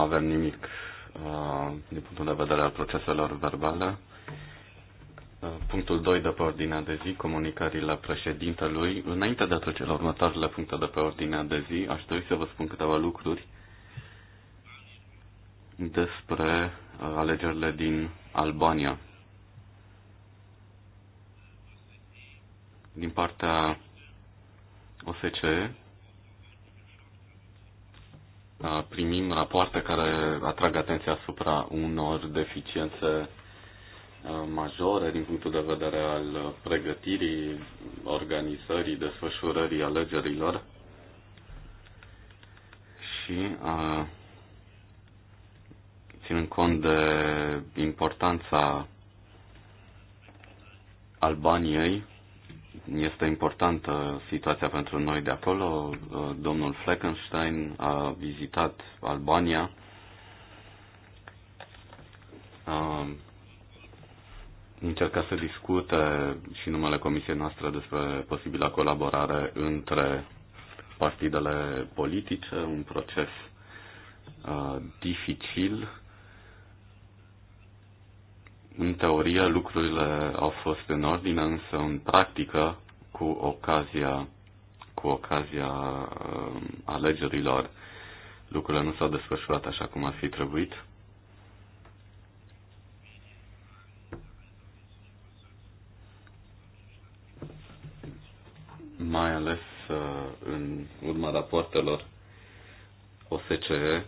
avem nimic uh, din punctul de vedere al proceselor verbale. Uh, punctul 2 de pe ordinea de zi, comunicările președintelui. Înainte de a trece la următoarele puncte de pe ordinea de zi, aș dori să vă spun câteva lucruri despre uh, alegerile din Albania. Din partea OSCE primim rapoarte care atrag atenția asupra unor deficiențe majore din punctul de vedere al pregătirii, organizării, desfășurării alegerilor și a, ținând cont de importanța Albaniei este importantă situația pentru noi de acolo. Domnul Fleckenstein a vizitat Albania. A să discute și numele comisiei noastre despre posibila colaborare între partidele politice, un proces dificil în teorie lucrurile au fost în ordine, însă în practică, cu ocazia, cu ocazia um, alegerilor, lucrurile nu s-au desfășurat așa cum ar fi trebuit. mai ales uh, în urma raportelor OSCE,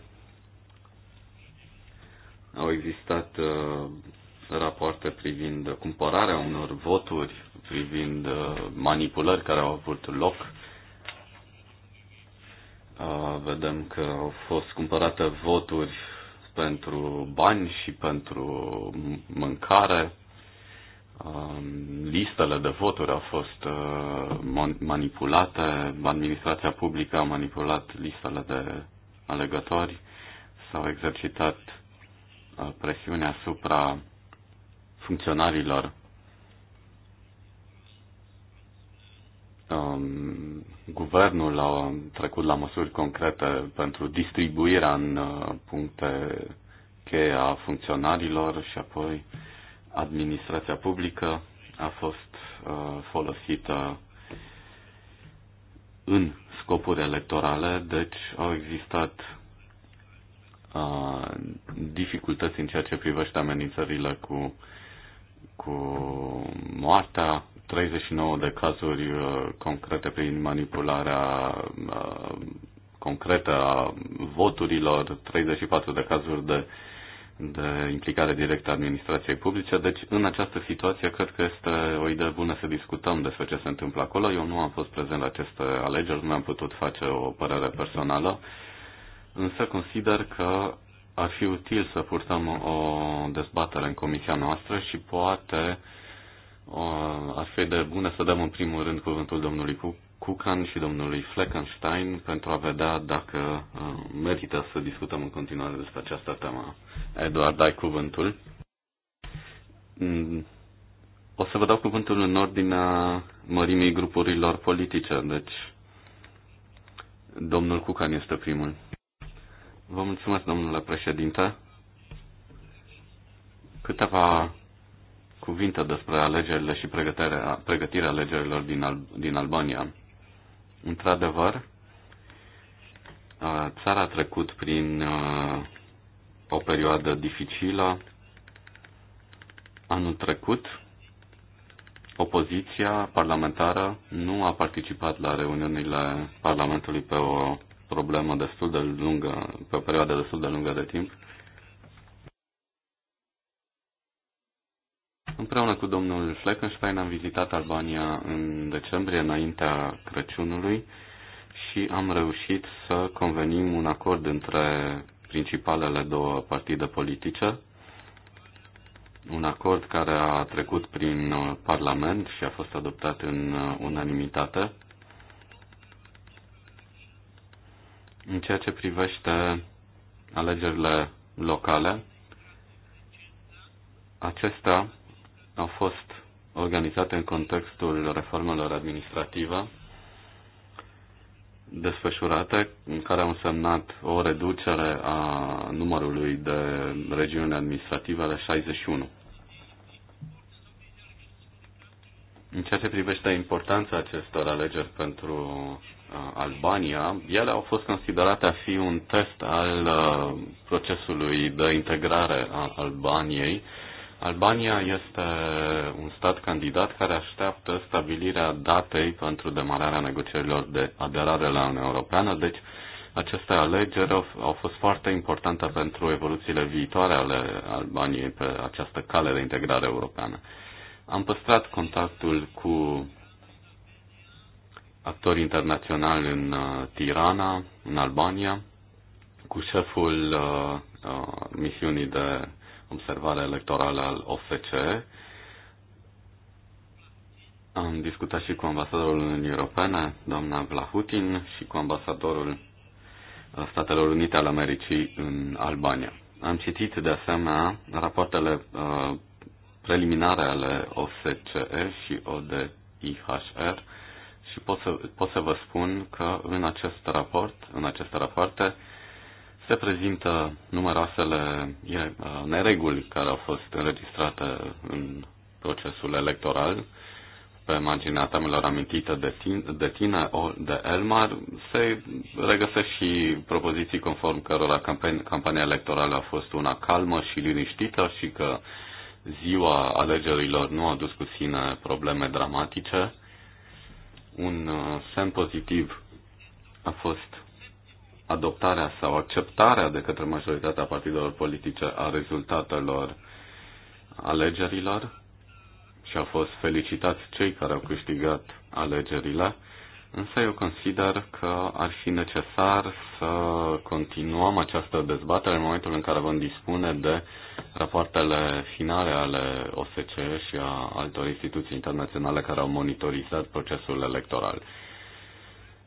au existat uh, rapoarte privind cumpărarea unor voturi, privind uh, manipulări care au avut loc. Uh, vedem că au fost cumpărate voturi pentru bani și pentru mâncare. Um, listele de voturi au fost uh, manipulate, administrația publică a manipulat listele de alegători, s-au exercitat presiune asupra funcționarilor um, guvernul a trecut la măsuri concrete pentru distribuirea în uh, puncte cheie a funcționarilor și apoi administrația publică a fost uh, folosită în scopuri electorale, deci au existat uh, dificultăți în ceea ce privește amenințările cu cu moartea, 39 de cazuri uh, concrete prin manipularea uh, concretă a voturilor, 34 de cazuri de, de implicare directă a administrației publice. Deci, în această situație, cred că este o idee bună să discutăm despre ce se întâmplă acolo. Eu nu am fost prezent la aceste alegeri, nu am putut face o părere personală, însă consider că ar fi util să purtăm o dezbatere în comisia noastră și poate ar fi de bune să dăm în primul rând cuvântul domnului Cucan și domnului Fleckenstein pentru a vedea dacă uh, merită să discutăm în continuare despre această temă. Eduard, dai cuvântul. Mm, o să vă dau cuvântul în ordinea mărimii grupurilor politice, deci domnul Cucan este primul. Vă mulțumesc, domnule președinte. Câteva cuvinte despre alegerile și pregătirea, pregătirea alegerilor din, Al- din Albania. Într-adevăr, țara a trecut prin o perioadă dificilă. Anul trecut, opoziția parlamentară nu a participat la reuniunile Parlamentului pe o problemă destul de lungă, pe o perioadă destul de lungă de timp. Împreună cu domnul Fleckenstein am vizitat Albania în decembrie, înaintea Crăciunului, și am reușit să convenim un acord între principalele două partide politice, un acord care a trecut prin Parlament și a fost adoptat în unanimitate În ceea ce privește alegerile locale, acestea au fost organizate în contextul reformelor administrative desfășurate, în care au însemnat o reducere a numărului de regiuni administrative la 61. În ceea ce privește importanța acestor alegeri pentru Albania, ele au fost considerate a fi un test al uh, procesului de integrare a Albaniei. Albania este un stat candidat care așteaptă stabilirea datei pentru demararea negocierilor de aderare la Uniunea Europeană, deci aceste alegeri au fost foarte importante pentru evoluțiile viitoare ale Albaniei pe această cale de integrare europeană. Am păstrat contactul cu Actor internațional în uh, Tirana, în Albania, cu șeful uh, uh, misiunii de observare electorală al OSCE. Am discutat și cu ambasadorul Uniunii Europene, doamna Vlahutin, și cu ambasadorul uh, Statelor Unite al Americii în Albania. Am citit de asemenea rapoartele uh, preliminare ale OSCE și ODIHR și pot să, pot să vă spun că în acest raport, în aceste rapoarte, se prezintă numeroasele uh, nereguli care au fost înregistrate în procesul electoral. Pe marginea temelor amintită de tine, de, tine, de Elmar, se regăsesc și propoziții conform cărora campania electorală a fost una calmă și liniștită și că ziua alegerilor nu a dus cu sine probleme dramatice un uh, semn pozitiv a fost adoptarea sau acceptarea de către majoritatea partidelor politice a rezultatelor alegerilor și au fost felicitați cei care au câștigat alegerile Însă eu consider că ar fi necesar să continuăm această dezbatere în momentul în care vom dispune de rapoartele finale ale OSCE și a altor instituții internaționale care au monitorizat procesul electoral.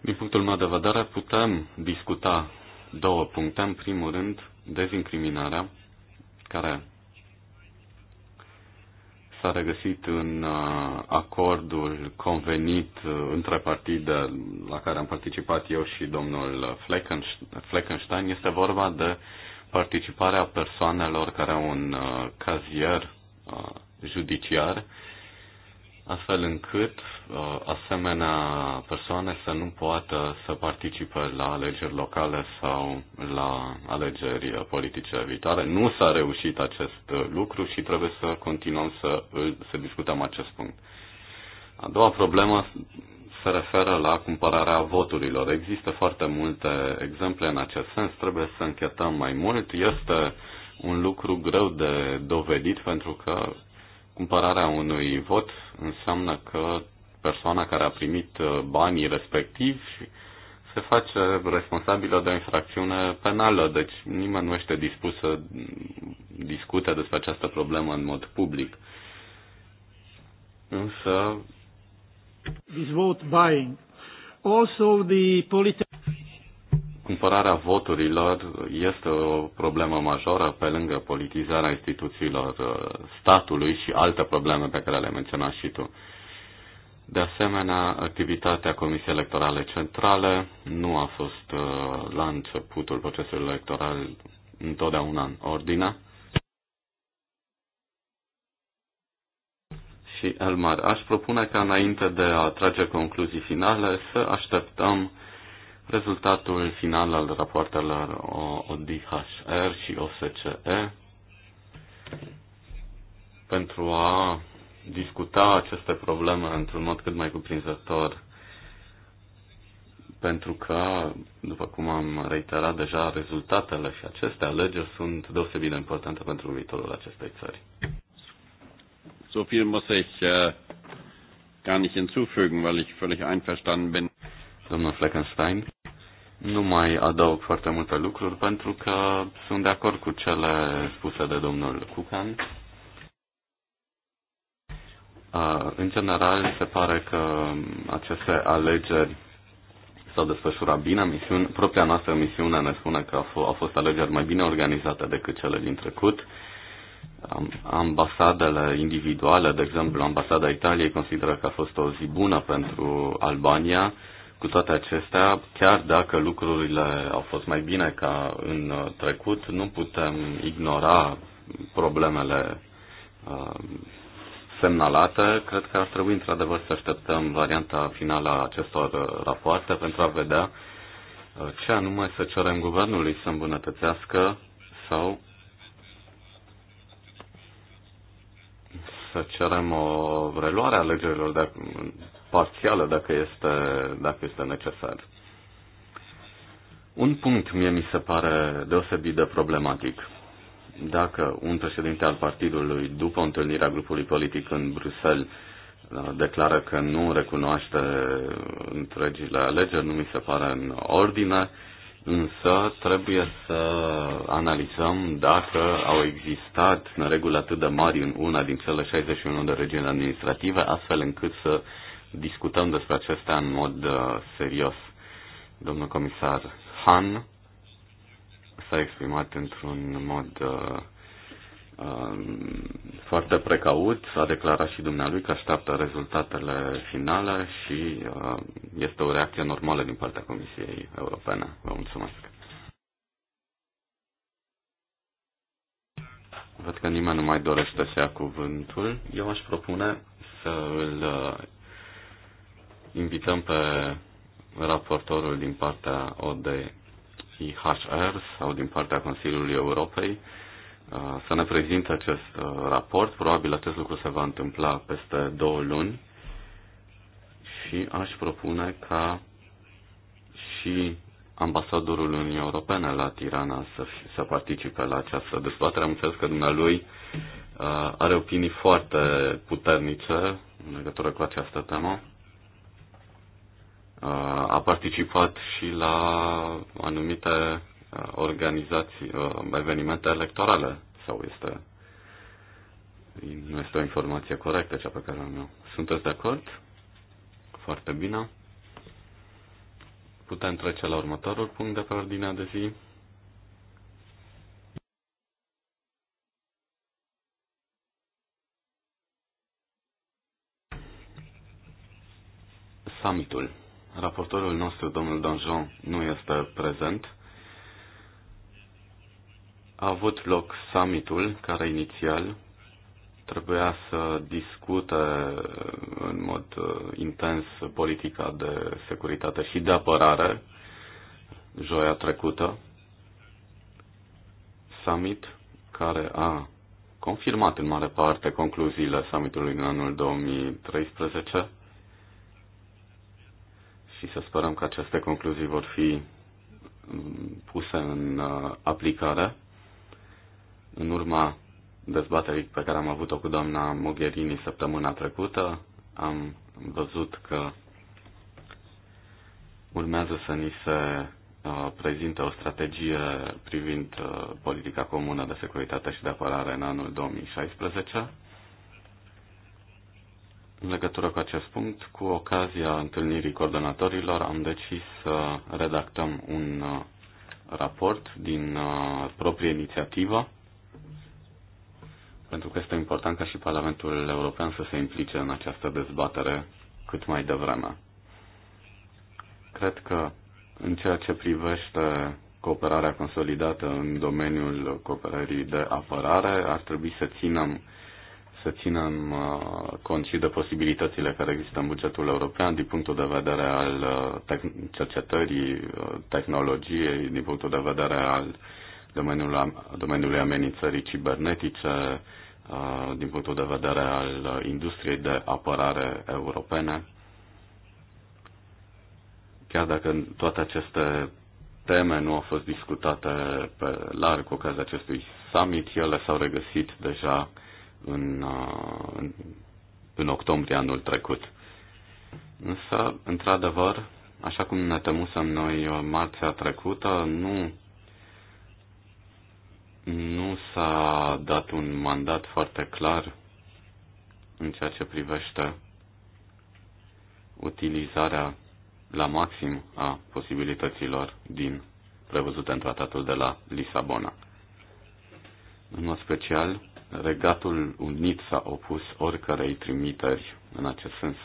Din punctul meu de vedere, putem discuta două puncte. În primul rând, dezincriminarea, care s-a regăsit în uh, acordul convenit uh, între partide la care am participat eu și domnul Fleckenstein. Este vorba de participarea persoanelor care au un uh, cazier judiciar astfel încât uh, asemenea persoane să nu poată să participe la alegeri locale sau la alegeri uh, politice viitoare. Nu s-a reușit acest uh, lucru și trebuie să continuăm să, să discutăm acest punct. A doua problemă se referă la cumpărarea voturilor. Există foarte multe exemple în acest sens, trebuie să închetăm mai mult. Este un lucru greu de dovedit pentru că cumpărarea unui vot înseamnă că persoana care a primit uh, banii respectivi se face responsabilă de o infracțiune penală, deci nimeni nu este dispus să discute despre această problemă în mod public. Însă... This vote buying. Also the political cumpărarea voturilor este o problemă majoră pe lângă politizarea instituțiilor uh, statului și alte probleme pe care le-ai menționat și tu. De asemenea, activitatea Comisiei Electorale Centrale nu a fost uh, la începutul procesului electoral întotdeauna în ordine. Și Elmar, aș propune ca înainte de a trage concluzii finale să așteptăm Rezultatul final al rapoartelor ODHR și OSCE pentru a discuta aceste probleme într-un mod cât mai cuprinzător pentru că, după cum am reiterat deja, rezultatele și aceste alegeri sunt deosebit de importante pentru viitorul acestei țări. So viel muss ich uh, gar nicht hinzufügen, weil ich völlig einverstanden bin. Domnul Fleckenstein. Nu mai adaug foarte multe lucruri pentru că sunt de acord cu cele spuse de domnul Cucan. În general, se pare că aceste alegeri s-au desfășurat bine. Misiune, propria noastră misiune ne spune că au fost alegeri mai bine organizate decât cele din trecut. Ambasadele individuale, de exemplu, ambasada Italiei consideră că a fost o zi bună pentru Albania cu toate acestea, chiar dacă lucrurile au fost mai bine ca în uh, trecut, nu putem ignora problemele uh, semnalate. Cred că ar trebui într-adevăr să așteptăm varianta finală a acestor uh, rapoarte pentru a vedea ce anume să cerem guvernului să îmbunătățească sau să cerem o reluare a alegerilor de parțială dacă este, dacă este necesar. Un punct mie mi se pare deosebit de problematic. Dacă un președinte al partidului, după întâlnirea grupului politic în Bruxelles, uh, declară că nu recunoaște întregile alegeri, nu mi se pare în ordine, însă trebuie să analizăm dacă au existat în regulă atât de mari în una din cele 61 de regiuni administrative, astfel încât să discutăm despre acestea în mod uh, serios. Domnul comisar Han s-a exprimat într-un mod uh, um, foarte precaut, a declarat și dumnealui că așteaptă rezultatele finale și uh, este o reacție normală din partea Comisiei Europene. Vă mulțumesc. Văd că nimeni nu mai dorește să ia cuvântul. Eu aș propune să îl uh, invităm pe raportorul din partea ODIHR sau din partea Consiliului Europei uh, să ne prezinte acest uh, raport. Probabil acest lucru se va întâmpla peste două luni și aș propune ca și ambasadorul Uniunii Europene la Tirana să, să participe la această dezbatere. Am înțeles că dumnealui uh, are opinii foarte puternice în legătură cu această temă a participat și la anumite organizații, evenimente electorale sau este nu este o informație corectă cea pe care am eu. Sunteți de acord? Foarte bine. Putem trece la următorul punct de pe ordinea de zi. Summitul Raportorul nostru, domnul Donjon, nu este prezent. A avut loc summitul care inițial trebuia să discute în mod uh, intens politica de securitate și de apărare joia trecută. Summit care a confirmat în mare parte concluziile summitului în anul 2013 și să sperăm că aceste concluzii vor fi puse în uh, aplicare. În urma dezbaterii pe care am avut-o cu doamna Mogherini săptămâna trecută, am văzut că urmează să ni se uh, prezintă o strategie privind uh, politica comună de securitate și de apărare în anul 2016 în legătură cu acest punct, cu ocazia întâlnirii coordonatorilor, am decis să redactăm un uh, raport din uh, proprie inițiativă, pentru că este important ca și Parlamentul European să se implice în această dezbatere cât mai devreme. Cred că în ceea ce privește cooperarea consolidată în domeniul cooperării de apărare, ar trebui să ținem să ținem uh, cont și de posibilitățile care există în bugetul european din punctul de vedere al uh, cercetării, uh, tehnologiei, din punctul de vedere al domeniului amenințării cibernetice, din punctul de vedere al industriei de apărare europene. Chiar dacă toate aceste teme nu au fost discutate pe larg cu ocazia acestui summit, ele s-au regăsit deja în, uh, în, în octombrie anul trecut. Însă, într-adevăr, așa cum ne temusem noi uh, marțea trecută, nu nu s-a dat un mandat foarte clar în ceea ce privește utilizarea la maxim a posibilităților din prevăzute în tratatul de la Lisabona. În mod special, Regatul Unit s-a opus oricărei trimiteri în acest sens.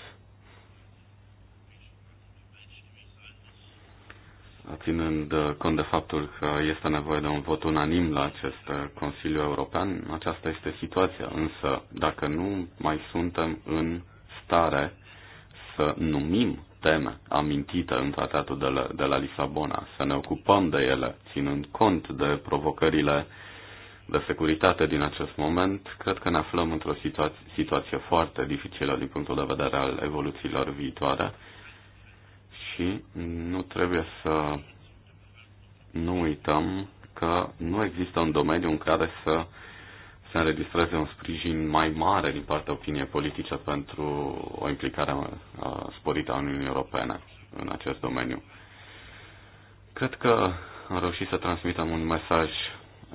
Ținând cont de faptul că este nevoie de un vot unanim la acest Consiliu European, aceasta este situația. Însă, dacă nu mai suntem în stare să numim teme amintite în tratatul de la, de la Lisabona, să ne ocupăm de ele, ținând cont de provocările uh, de securitate din acest moment, cred că ne aflăm într-o situa- situație foarte dificilă din punctul de vedere al evoluțiilor viitoare și nu trebuie să nu uităm că nu există un domeniu în care să se înregistreze un sprijin mai mare din partea opiniei politice pentru o implicare uh, sporită a Uniunii Europene în acest domeniu. Cred că am reușit să transmitem un mesaj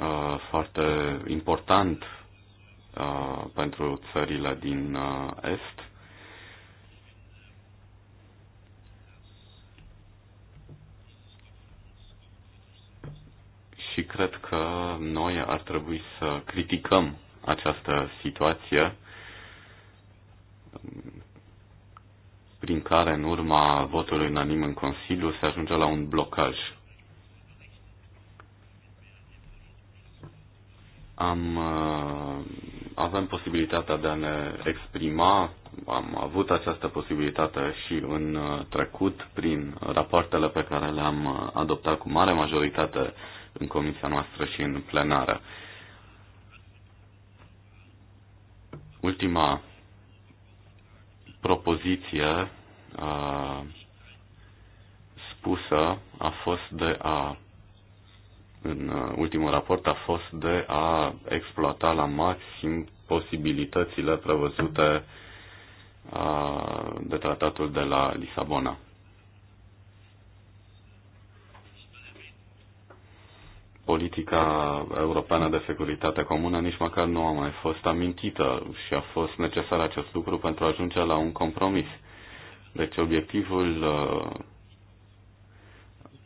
Uh, foarte important uh, pentru țările din uh, Est. Și cred că noi ar trebui să criticăm această situație prin care în urma votului unanim în Consiliu se ajunge la un blocaj am, uh, avem posibilitatea de a ne exprima, am avut această posibilitate și în uh, trecut prin rapoartele pe care le-am uh, adoptat cu mare majoritate în comisia noastră și în plenară. Ultima propoziție uh, spusă a fost de a în uh, ultimul raport a fost de a exploata la maxim posibilitățile prevăzute uh, de tratatul de la Lisabona. politica europeană de securitate comună nici măcar nu a mai fost amintită și a fost necesar acest lucru pentru a ajunge la un compromis. Deci obiectivul uh,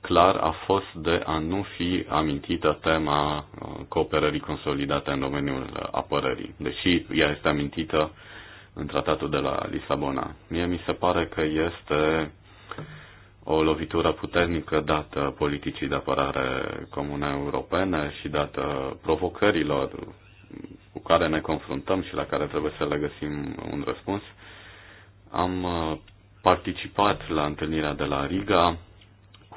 clar a fost de a nu fi amintită tema uh, cooperării consolidate în domeniul apărării, deși ea este amintită în tratatul de la Lisabona. Mie mi se pare că este o lovitură puternică dată politicii de apărare comune europene și dată provocărilor cu care ne confruntăm și la care trebuie să le găsim un răspuns. Am uh, participat la întâlnirea de la Riga,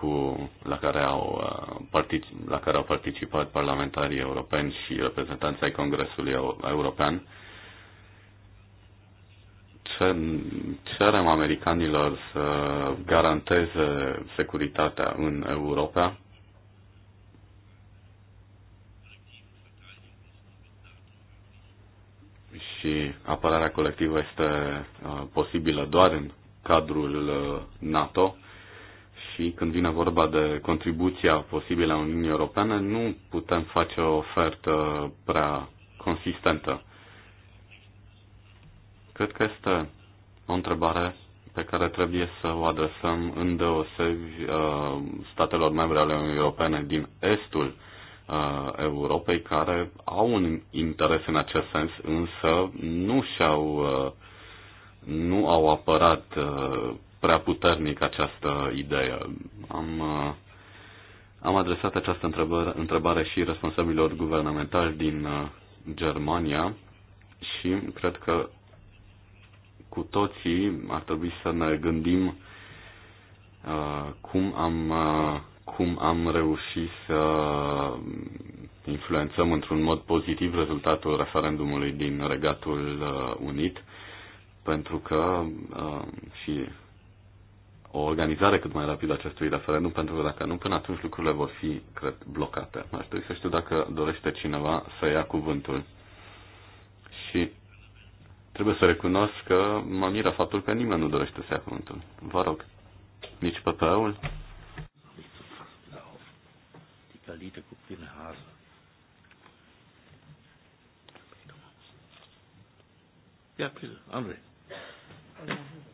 cu, la, care au, uh, partic- la care au participat parlamentarii europeni și reprezentanții ai Congresului European, cerem americanilor să garanteze securitatea în Europa. Și apărarea colectivă este uh, posibilă doar în cadrul uh, NATO și când vine vorba de contribuția posibilă a Uniunii Europene, nu putem face o ofertă prea consistentă. Cred că este o întrebare pe care trebuie să o adresăm îndeosebi uh, statelor membre ale Uniunii Europene din estul uh, Europei, care au un interes în acest sens, însă nu și-au uh, nu au apărat uh, prea puternic această idee. Am, uh, am adresat această întrebare, întrebare și responsabililor guvernamentali din uh, Germania și cred că cu toții ar trebui să ne gândim uh, cum am, cum am reușit să influențăm într-un mod pozitiv rezultatul referendumului din Regatul Unit, pentru că și o organizare cât mai rapidă acestui referendum, pentru că dacă nu, până atunci lucrurile vor fi, cred, blocate. Aș dori să știu dacă dorește cineva să ia cuvântul. Și trebuie să recunosc că mă miră faptul că nimeni nu dorește să ia cuvântul. Vă rog, nici PP-ul? Yeah, please, Andre.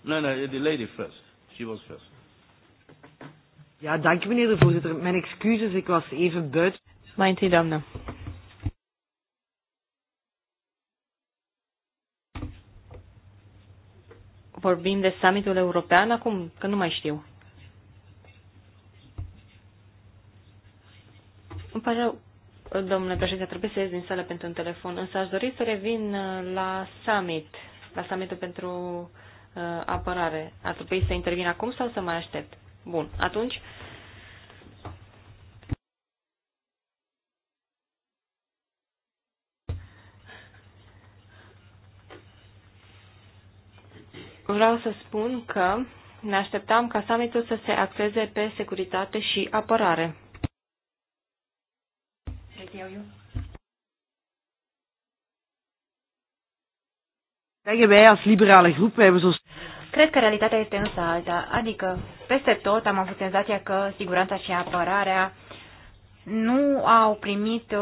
No, no, the lady first she was Ja, dank u meneer de voorzitter. Mijn excuses, ik was even buiten. Mai întâi, dan. Vorbim de summitul european acum, că nu mai știu. Îmi pare rău, domnule președinte, trebuie să ies din sală pentru un telefon, însă aș dori să revin la summit, la summitul pentru Uh, apărare. Ar trebui să intervin acum sau să mai aștept? Bun, atunci... Vreau să spun că ne așteptam ca summitul să se axeze pe securitate și apărare. zeggen wij als liberale groep, wij hebben zo. Cred că realitatea este însă alta, adică peste tot am avut senzația că siguranța și apărarea nu au primit uh,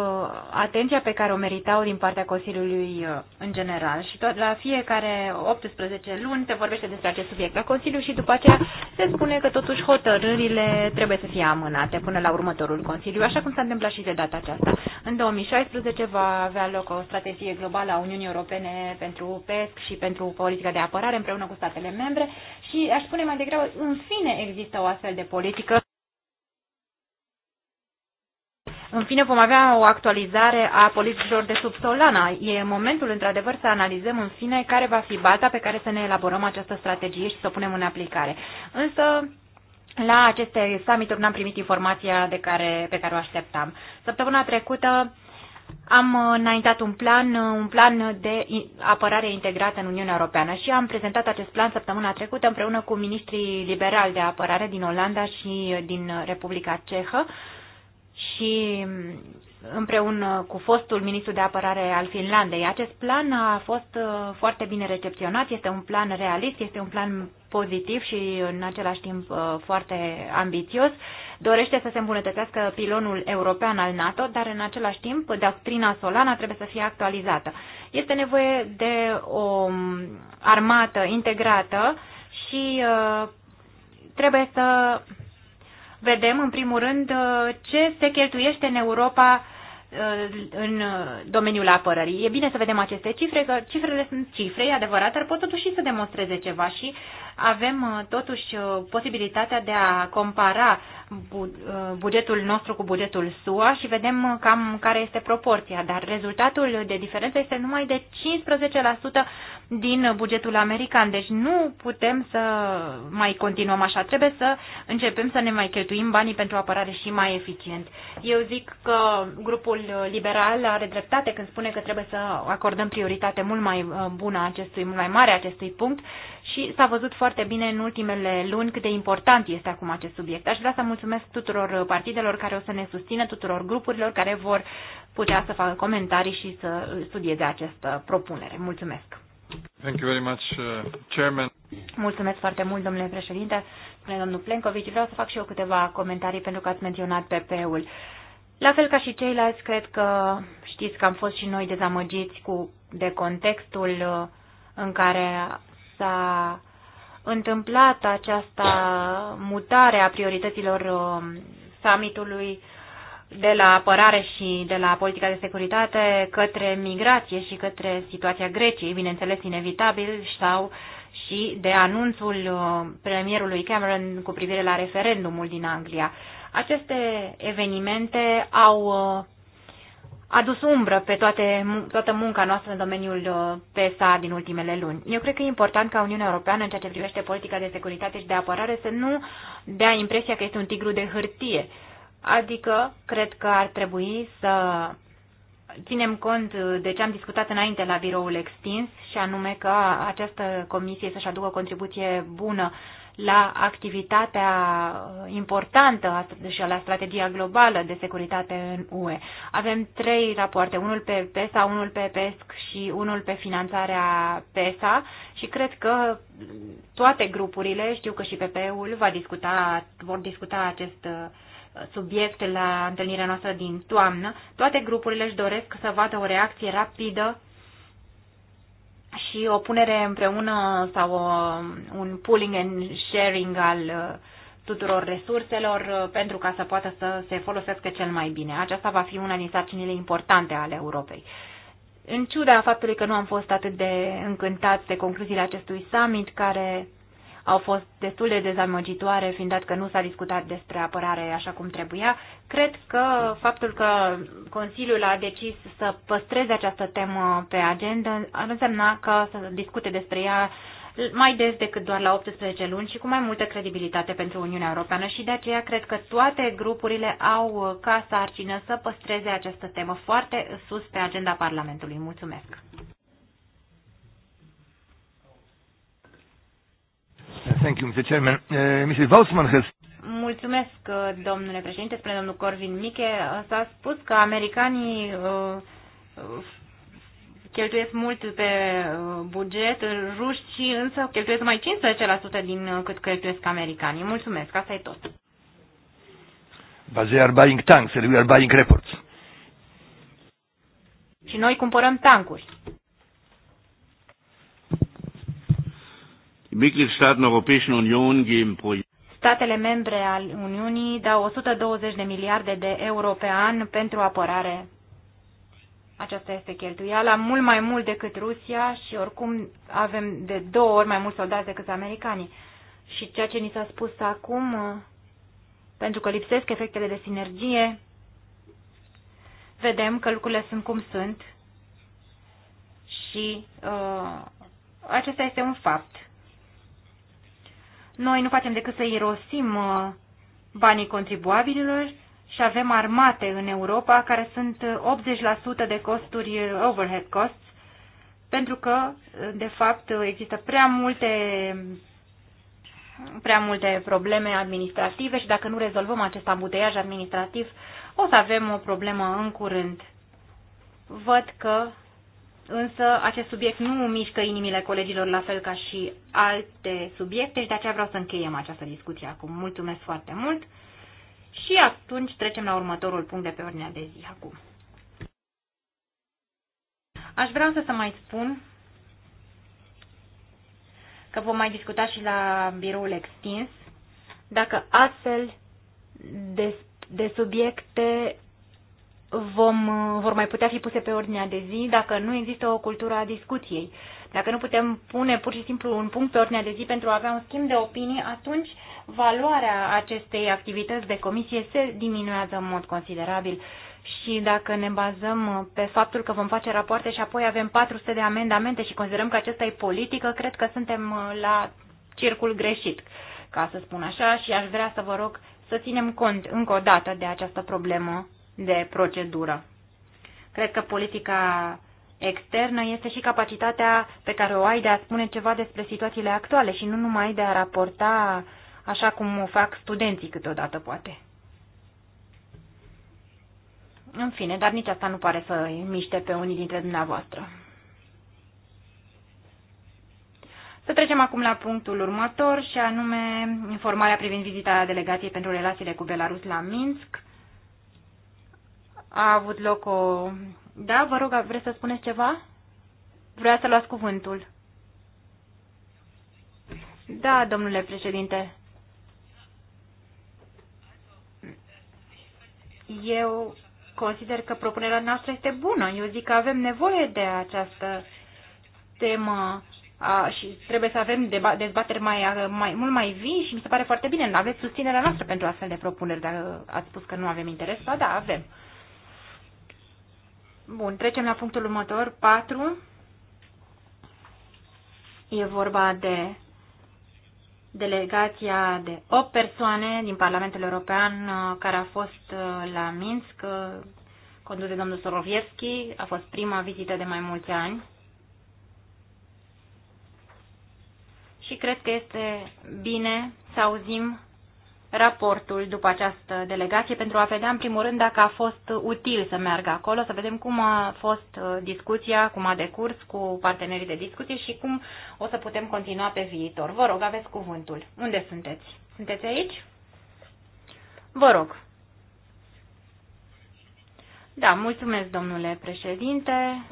atenția pe care o meritau din partea Consiliului uh, în general. Și tot la fiecare 18 luni se vorbește despre acest subiect la Consiliu și după aceea se spune că totuși hotărârile trebuie să fie amânate până la următorul Consiliu, așa cum s-a întâmplat și de data aceasta. În 2016 va avea loc o strategie globală a Uniunii Europene pentru PESC și pentru politica de apărare împreună cu statele membre și aș spune mai degrabă, în fine există o astfel de politică. În fine, vom avea o actualizare a politicilor de subsolana. E momentul, într-adevăr, să analizăm, în fine, care va fi baza pe care să ne elaborăm această strategie și să o punem în aplicare. Însă, la aceste summituri n-am primit informația de care, pe care o așteptam. Săptămâna trecută am înaintat un plan, un plan de apărare integrată în Uniunea Europeană și am prezentat acest plan săptămâna trecută împreună cu ministrii liberali de apărare din Olanda și din Republica Cehă și mm, împreună cu fostul ministru de apărare al Finlandei. Acest plan a fost uh, foarte bine recepționat, este un plan realist, este un plan pozitiv și în același timp uh, foarte ambițios. Dorește să se îmbunătățească pilonul european al NATO, dar în același timp doctrina Solana trebuie să fie actualizată. Este nevoie de o mm, armată integrată și uh, trebuie să vedem, în primul rând, uh, ce se cheltuiește în Europa uh, în uh, domeniul apărării. E bine să vedem aceste cifre, că cifrele sunt cifre, e adevărat, dar pot totuși să demonstreze ceva și avem totuși posibilitatea de a compara bugetul nostru cu bugetul SUA și vedem cam care este proporția, dar rezultatul de diferență este numai de 15% din bugetul american. Deci nu putem să mai continuăm așa. Trebuie să începem să ne mai cheltuim banii pentru apărare și mai eficient. Eu zic că grupul liberal are dreptate când spune că trebuie să acordăm prioritate mult mai uh, bună acestui, mult mai mare acestui punct și s-a văzut foarte bine în ultimele luni cât de important este acum acest subiect. Aș vrea să mulțumesc tuturor partidelor care o să ne susțină, tuturor grupurilor care vor putea să facă comentarii și să studieze această propunere. Mulțumesc! Thank you very much, uh, Chairman. Mulțumesc foarte mult, domnule președinte. Spune domnul Plenković, vreau să fac și eu câteva comentarii pentru că ați menționat PP-ul. La fel ca și ceilalți, cred că știți că am fost și noi dezamăgiți cu, de contextul uh, în care s-a întâmplat această mutare a priorităților uh, summitului de la apărare și de la politica de securitate către migrație și către situația Greciei, bineînțeles inevitabil, sau și de anunțul uh, premierului Cameron cu privire la referendumul din Anglia. Aceste evenimente au uh, adus umbră pe toate, toată munca noastră în domeniul uh, PSA din ultimele luni. Eu cred că e important ca Uniunea Europeană, în ceea ce privește politica de securitate și de apărare, să nu dea impresia că este un tigru de hârtie, Adică, cred că ar trebui să ținem cont de ce am discutat înainte la biroul extins și anume că această comisie să-și aducă o contribuție bună la activitatea importantă și la strategia globală de securitate în UE. Avem trei rapoarte, unul pe PESA, unul pe PESC și unul pe finanțarea PESA și cred că toate grupurile, știu că și PP-ul va discuta, vor discuta acest subiect la întâlnirea noastră din toamnă. Toate grupurile își doresc să vadă o reacție rapidă și o punere împreună sau o, un pooling and sharing al uh, tuturor resurselor uh, pentru ca să poată să se folosească cel mai bine. Aceasta va fi una din sarcinile importante ale Europei. În ciuda faptului că nu am fost atât de încântați de concluziile acestui summit, care au fost destul de dezamăgitoare, fiind dat că nu s-a discutat despre apărare așa cum trebuia. Cred că faptul că Consiliul a decis să păstreze această temă pe agenda ar însemna că să discute despre ea mai des decât doar la 18 luni și cu mai multă credibilitate pentru Uniunea Europeană și de aceea cred că toate grupurile au ca sarcină să păstreze această temă foarte sus pe agenda Parlamentului. Mulțumesc! Thank you, Mr. Chairman. Uh, Mrs. Valsman has... Mulțumesc, uh, domnule președinte, spune domnul Corvin Miche. S-a spus că americanii uh, cheltuiesc mult pe buget, ruși însă cheltuiesc mai 15% din cât cheltuiesc americanii. Mulțumesc, asta e tot. But they are buying tanks and we are buying reports. Și noi cumpărăm tankuri. Statele membre al Uniunii dau 120 de miliarde de euro pe an pentru apărare. Aceasta este cheltuiala, mult mai mult decât Rusia și oricum avem de două ori mai mulți soldați decât americanii. Și ceea ce ni s-a spus acum, pentru că lipsesc efectele de sinergie, vedem că lucrurile sunt cum sunt și uh, acesta este un fapt. Noi nu facem decât să irosim uh, banii contribuabililor și avem armate în Europa care sunt 80% uh, de costuri uh, overhead costs, pentru că, de fapt, există prea multe prea multe probleme administrative și dacă nu rezolvăm acest ambuteiaj administrativ, o să avem o problemă în curând. Văd că însă acest subiect nu mișcă inimile colegilor la fel ca și alte subiecte și de aceea vreau să încheiem această discuție acum. Mulțumesc foarte mult și atunci trecem la următorul punct de pe ordinea de zi acum. Aș vrea să, să mai spun că vom mai discuta și la biroul extins dacă astfel de, de subiecte vom, vor mai putea fi puse pe ordinea de zi dacă nu există o cultură a discuției. Dacă nu putem pune pur și simplu un punct pe ordinea de zi pentru a avea un schimb de opinii, atunci valoarea acestei activități de comisie se diminuează în mod considerabil. Și dacă ne bazăm pe faptul că vom face rapoarte și apoi avem 400 de amendamente și considerăm că acesta e politică, cred că suntem uh, la circul greșit, ca să spun așa, și aș vrea să vă rog să ținem cont încă o dată de această problemă de procedură. Cred că politica externă este și capacitatea pe care o ai de a spune ceva despre situațiile actuale și nu numai de a raporta așa cum o fac studenții câteodată, poate. În fine, dar nici asta nu pare să îi miște pe unii dintre dumneavoastră. Să trecem acum la punctul următor și anume informarea privind vizita delegației pentru relațiile cu Belarus la Minsk a avut loc o... Da, vă rog, vreți să spuneți ceva? Vrea să luați cuvântul. Da, domnule președinte. Eu consider că propunerea noastră este bună. Eu zic că avem nevoie de această temă a, și trebuie să avem dezbateri mai, mai, mult mai vii și mi se pare foarte bine. Aveți susținerea noastră pentru astfel de propuneri, dar uh, ați spus că nu avem interes, ba da, avem. Bun, trecem la punctul următor, 4. E vorba de delegația de 8 persoane din Parlamentul European uh, care a fost uh, la Minsk, uh, condus de domnul Sorovievski. A fost prima vizită de mai mulți ani. Și cred că este bine să auzim raportul după această delegație pentru a vedea în primul rând dacă a fost util să meargă acolo, să vedem cum a fost uh, discuția, cum a decurs cu partenerii de discuție și cum o să putem continua pe viitor. Vă rog, aveți cuvântul. Unde sunteți? Sunteți aici? Vă rog. Da, mulțumesc, domnule președinte.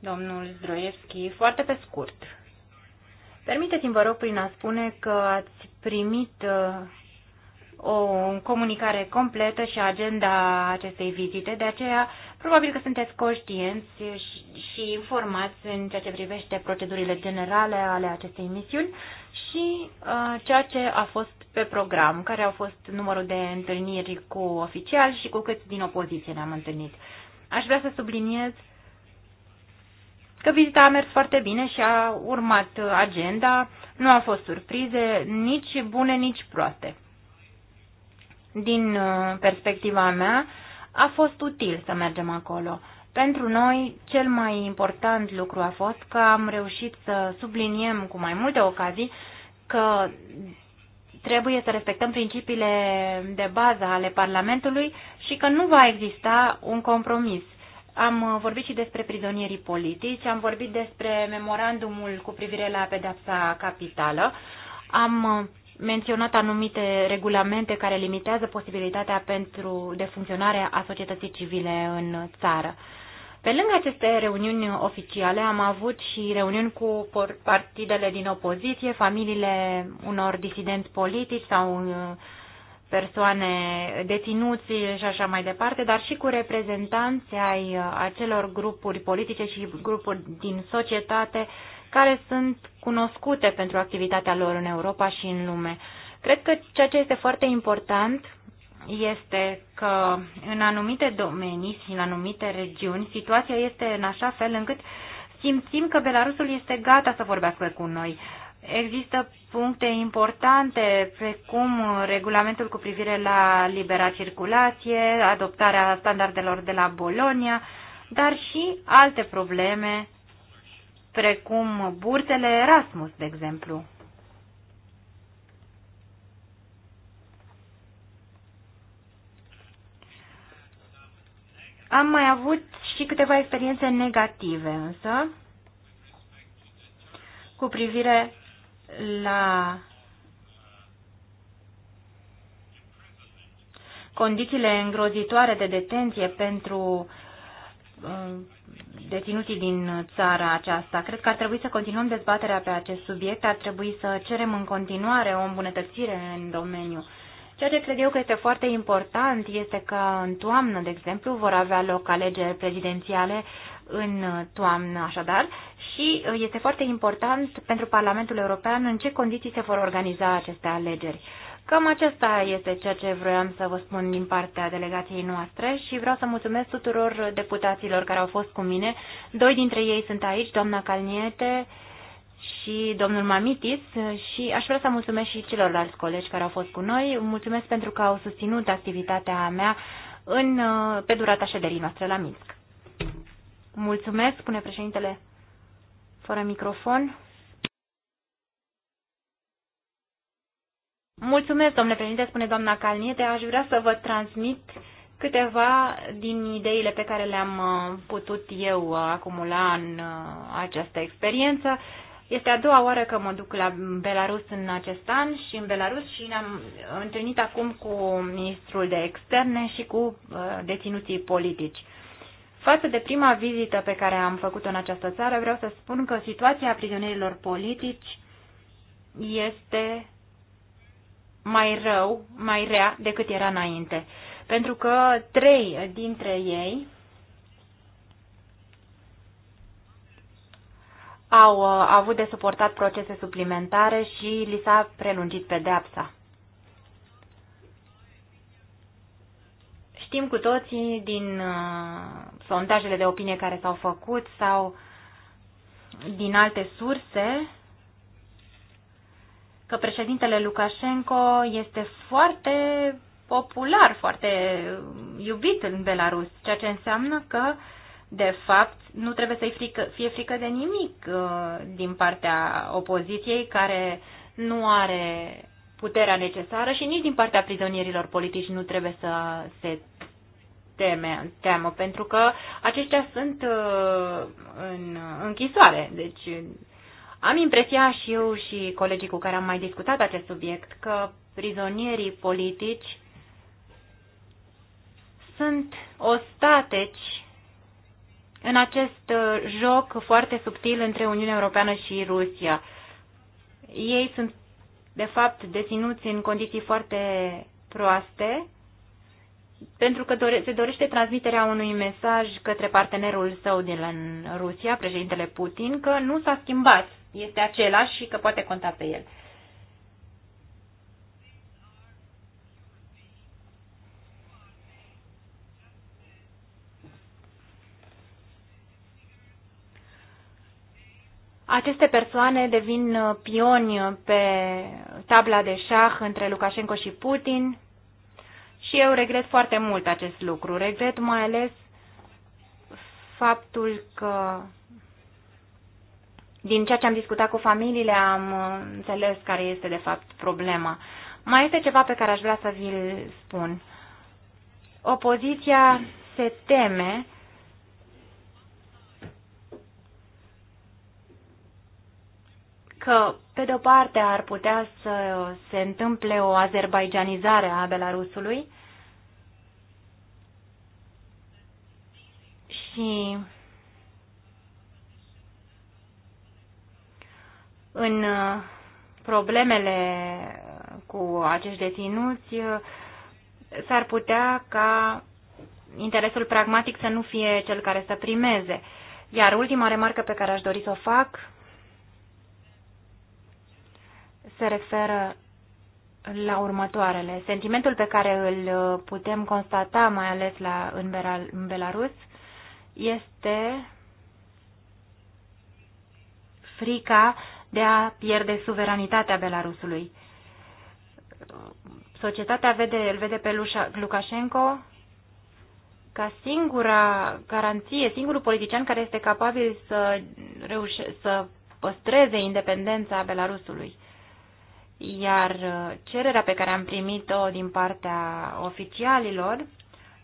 Domnul Zdroievski, foarte pe scurt. Permiteți-mi, vă rog, prin a spune că ați primit uh, o comunicare completă și agenda acestei vizite, de aceea probabil că sunteți conștienți și informați în ceea ce privește procedurile generale ale acestei misiuni și uh, ceea ce a fost pe program, care au fost numărul de întâlniri cu oficiali și cu câți din opoziție ne-am întâlnit. Aș vrea să subliniez că vizita a mers foarte bine și a urmat agenda nu au fost surprize nici bune, nici proaste. Din uh, perspectiva mea, a fost util să mergem acolo. Pentru noi, cel mai important lucru a fost că am reușit să subliniem cu mai multe ocazii că trebuie să respectăm principiile de bază ale Parlamentului și că nu va exista un compromis. Am uh, vorbit și despre prizonierii politici, am vorbit despre memorandumul cu privire la pedepsa capitală, am uh, menționat anumite regulamente care limitează posibilitatea pentru de funcționare a societății civile în țară. Pe lângă aceste reuniuni oficiale am avut și reuniuni cu partidele din opoziție, familiile unor disidenți politici sau uh, persoane deținuți și așa mai departe, dar și cu reprezentanți ai uh, acelor grupuri politice și grupuri din societate care sunt cunoscute pentru activitatea lor în Europa și în lume. Cred că ceea ce este foarte important este că în anumite domenii și în anumite regiuni situația este în așa fel încât simțim că Belarusul este gata să vorbească cu noi. Există puncte importante, precum regulamentul cu privire la libera circulație, adoptarea standardelor de la Bolonia, dar și alte probleme, precum burtele Erasmus, de exemplu. Am mai avut și câteva experiențe negative, însă, cu privire la condițiile îngrozitoare de detenție pentru uh, deținuții din țara aceasta. Cred că ar trebui să continuăm dezbaterea pe acest subiect, ar trebui să cerem în continuare o îmbunătățire în domeniu. Ceea ce cred eu că este foarte important este că în toamnă, de exemplu, vor avea loc alegeri prezidențiale în toamnă, așadar, și uh, este foarte important pentru Parlamentul European în ce condiții se vor organiza aceste alegeri. Cam acesta este ceea ce vroiam să vă spun din partea delegației noastre și vreau să mulțumesc tuturor deputaților care au fost cu mine. Doi dintre ei sunt aici, doamna Calniete și domnul Mamitis și aș vrea să mulțumesc și celorlalți colegi care au fost cu noi. Mulțumesc pentru că au susținut activitatea mea în, uh, pe durata șederii noastre la Minsk. Mulțumesc, spune președintele fără microfon. Mulțumesc, domnule președinte, spune doamna Calniete. Aș vrea să vă transmit câteva din ideile pe care le-am uh, putut eu uh, acumula în uh, această experiență. Este a doua oară că mă duc la Belarus în acest an și în Belarus și ne-am întâlnit acum cu ministrul de externe și cu deținuții politici. Față de prima vizită pe care am făcut-o în această țară, vreau să spun că situația prizonierilor politici este mai rău, mai rea decât era înainte. Pentru că trei dintre ei au uh, avut de suportat procese suplimentare și li s-a prelungit pedeapsa. Știm cu toții din uh, sondajele de opinie care s-au făcut sau din alte surse că președintele Lukashenko este foarte popular, foarte iubit în Belarus, ceea ce înseamnă că, de fapt, nu trebuie să-i frică, fie frică de nimic uh, din partea opoziției care nu are puterea necesară și nici din partea prizonierilor politici nu trebuie să se teme, teamă, pentru că aceștia sunt uh, în închisoare. Deci am impresia și eu și colegii cu care am mai discutat acest subiect că prizonierii politici sunt ostateci în acest uh, joc foarte subtil între Uniunea Europeană și Rusia. Ei sunt, de fapt, deținuți în condiții foarte proaste, pentru că dore, se dorește transmiterea unui mesaj către partenerul său din Rusia, președintele Putin, că nu s-a schimbat, este același și că poate conta pe el. Aceste persoane devin uh, pioni pe tabla de șah între Lukashenko și Putin, și eu regret foarte mult acest lucru. Regret mai ales faptul că din ceea ce am discutat cu familiile am înțeles care este de fapt problema. Mai este ceva pe care aș vrea să vi-l spun. Opoziția se teme că, pe de-o parte, ar putea să se întâmple o azerbaijanizare a Belarusului și în uh, problemele uh, cu acești deținuți, uh, s-ar putea ca interesul pragmatic să nu fie cel care să primeze. Iar ultima remarcă pe care aș dori să o fac se referă la următoarele. Sentimentul pe care îl putem constata, mai ales la, în, Belarus, este frica de a pierde suveranitatea Belarusului. Societatea vede, îl vede pe Lukashenko ca singura garanție, singurul politician care este capabil să, reușe, să păstreze independența Belarusului. Iar cererea pe care am primit-o din partea oficialilor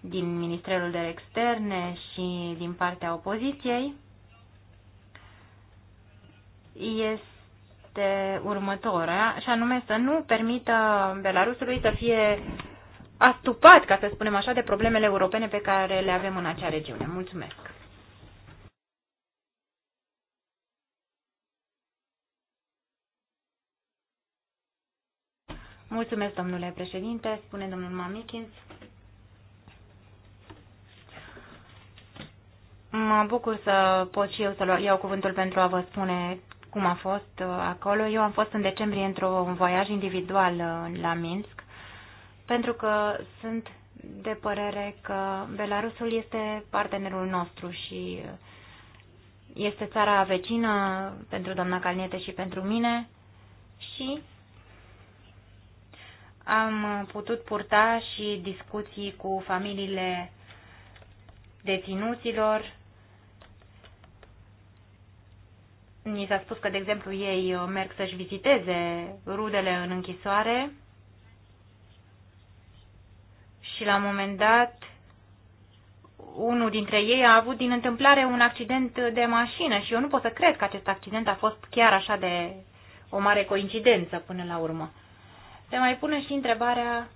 din Ministerul de Externe și din partea opoziției este următoarea, și anume să nu permită Belarusului să fie astupat, ca să spunem așa, de problemele europene pe care le avem în acea regiune. Mulțumesc! Mulțumesc, domnule președinte, spune domnul Mamikins. Mă bucur să pot și eu să iau cuvântul pentru a vă spune cum a fost uh, acolo. Eu am fost în decembrie într-un voiaj individual uh, la Minsk, pentru că sunt de părere că Belarusul este partenerul nostru și uh, este țara vecină pentru doamna Calniete și pentru mine și am putut purta și discuții cu familiile deținuților ni s-a spus că, de exemplu, ei uh, merg să-și viziteze rudele în închisoare și la un moment dat unul dintre ei a avut din întâmplare un accident de mașină și eu nu pot să cred că acest accident a fost chiar așa de o mare coincidență până la urmă. Se mai pune și întrebarea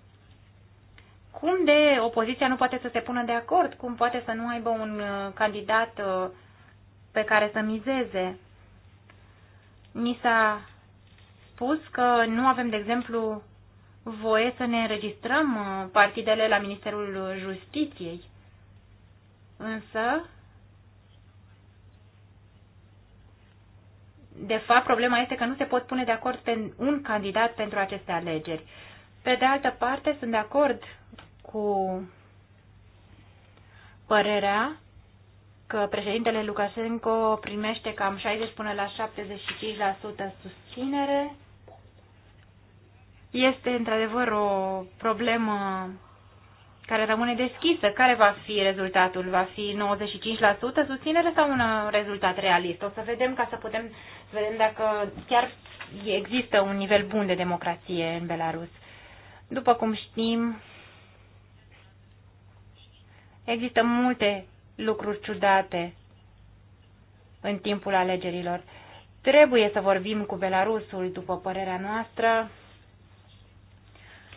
cum de opoziția nu poate să se pună de acord, cum poate să nu aibă un uh, candidat uh, pe care să mizeze. Ni s-a spus că nu avem, de exemplu, voie să ne înregistrăm uh, partidele la Ministerul Justiției. Însă, de fapt, problema este că nu se pot pune de acord pe un candidat pentru aceste alegeri. Pe de altă parte, sunt de acord cu părerea că președintele Lukashenko primește cam 60 până la 75% susținere. Este într-adevăr o problemă care rămâne deschisă. Care va fi rezultatul? Va fi 95% susținere sau un rezultat realist? O să vedem ca să putem să vedem dacă chiar există un nivel bun de democrație în Belarus. După cum știm, există multe lucruri ciudate în timpul alegerilor. Trebuie să vorbim cu Belarusul, după părerea noastră,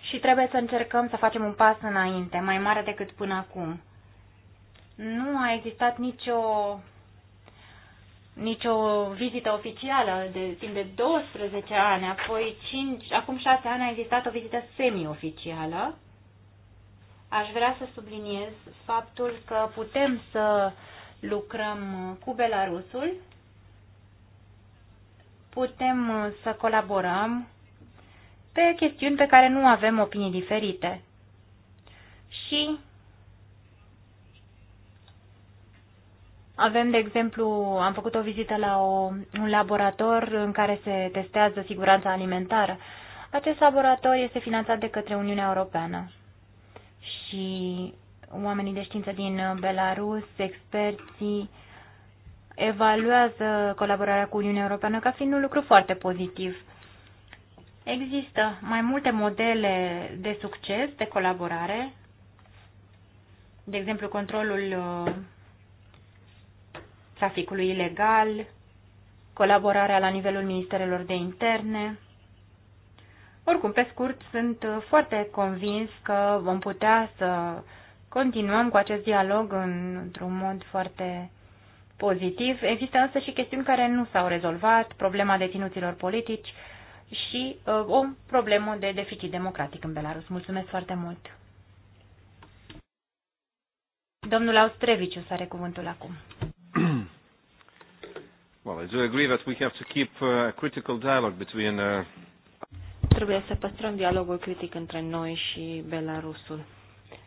și trebuie să încercăm să facem un pas înainte, mai mare decât până acum. Nu a existat nicio, nicio vizită oficială de timp de 12 ani, apoi 5, acum 6 ani a existat o vizită semi-oficială Aș vrea să subliniez faptul că putem să lucrăm cu Belarusul, putem să colaborăm pe chestiuni pe care nu avem opinii diferite. Și Avem, de exemplu, am făcut o vizită la o, un laborator în care se testează siguranța alimentară. Acest laborator este finanțat de către Uniunea Europeană și oamenii de știință din Belarus, experții, evaluează colaborarea cu Uniunea Europeană ca fiind un lucru foarte pozitiv. Există mai multe modele de succes, de colaborare, de exemplu controlul uh, traficului ilegal, colaborarea la nivelul ministerelor de interne, oricum, pe scurt, sunt uh, foarte convins că vom putea să continuăm cu acest dialog în, într-un mod foarte pozitiv. Există însă și chestiuni care nu s-au rezolvat, problema deținuților politici și uh, o problemă de deficit democratic în Belarus. Mulțumesc foarte mult! Domnul Austreviciu să are cuvântul acum. Well, I do agree that we have to keep uh, a critical dialogue between uh, Trebuie să păstrăm dialogul critic între noi și Belarusul.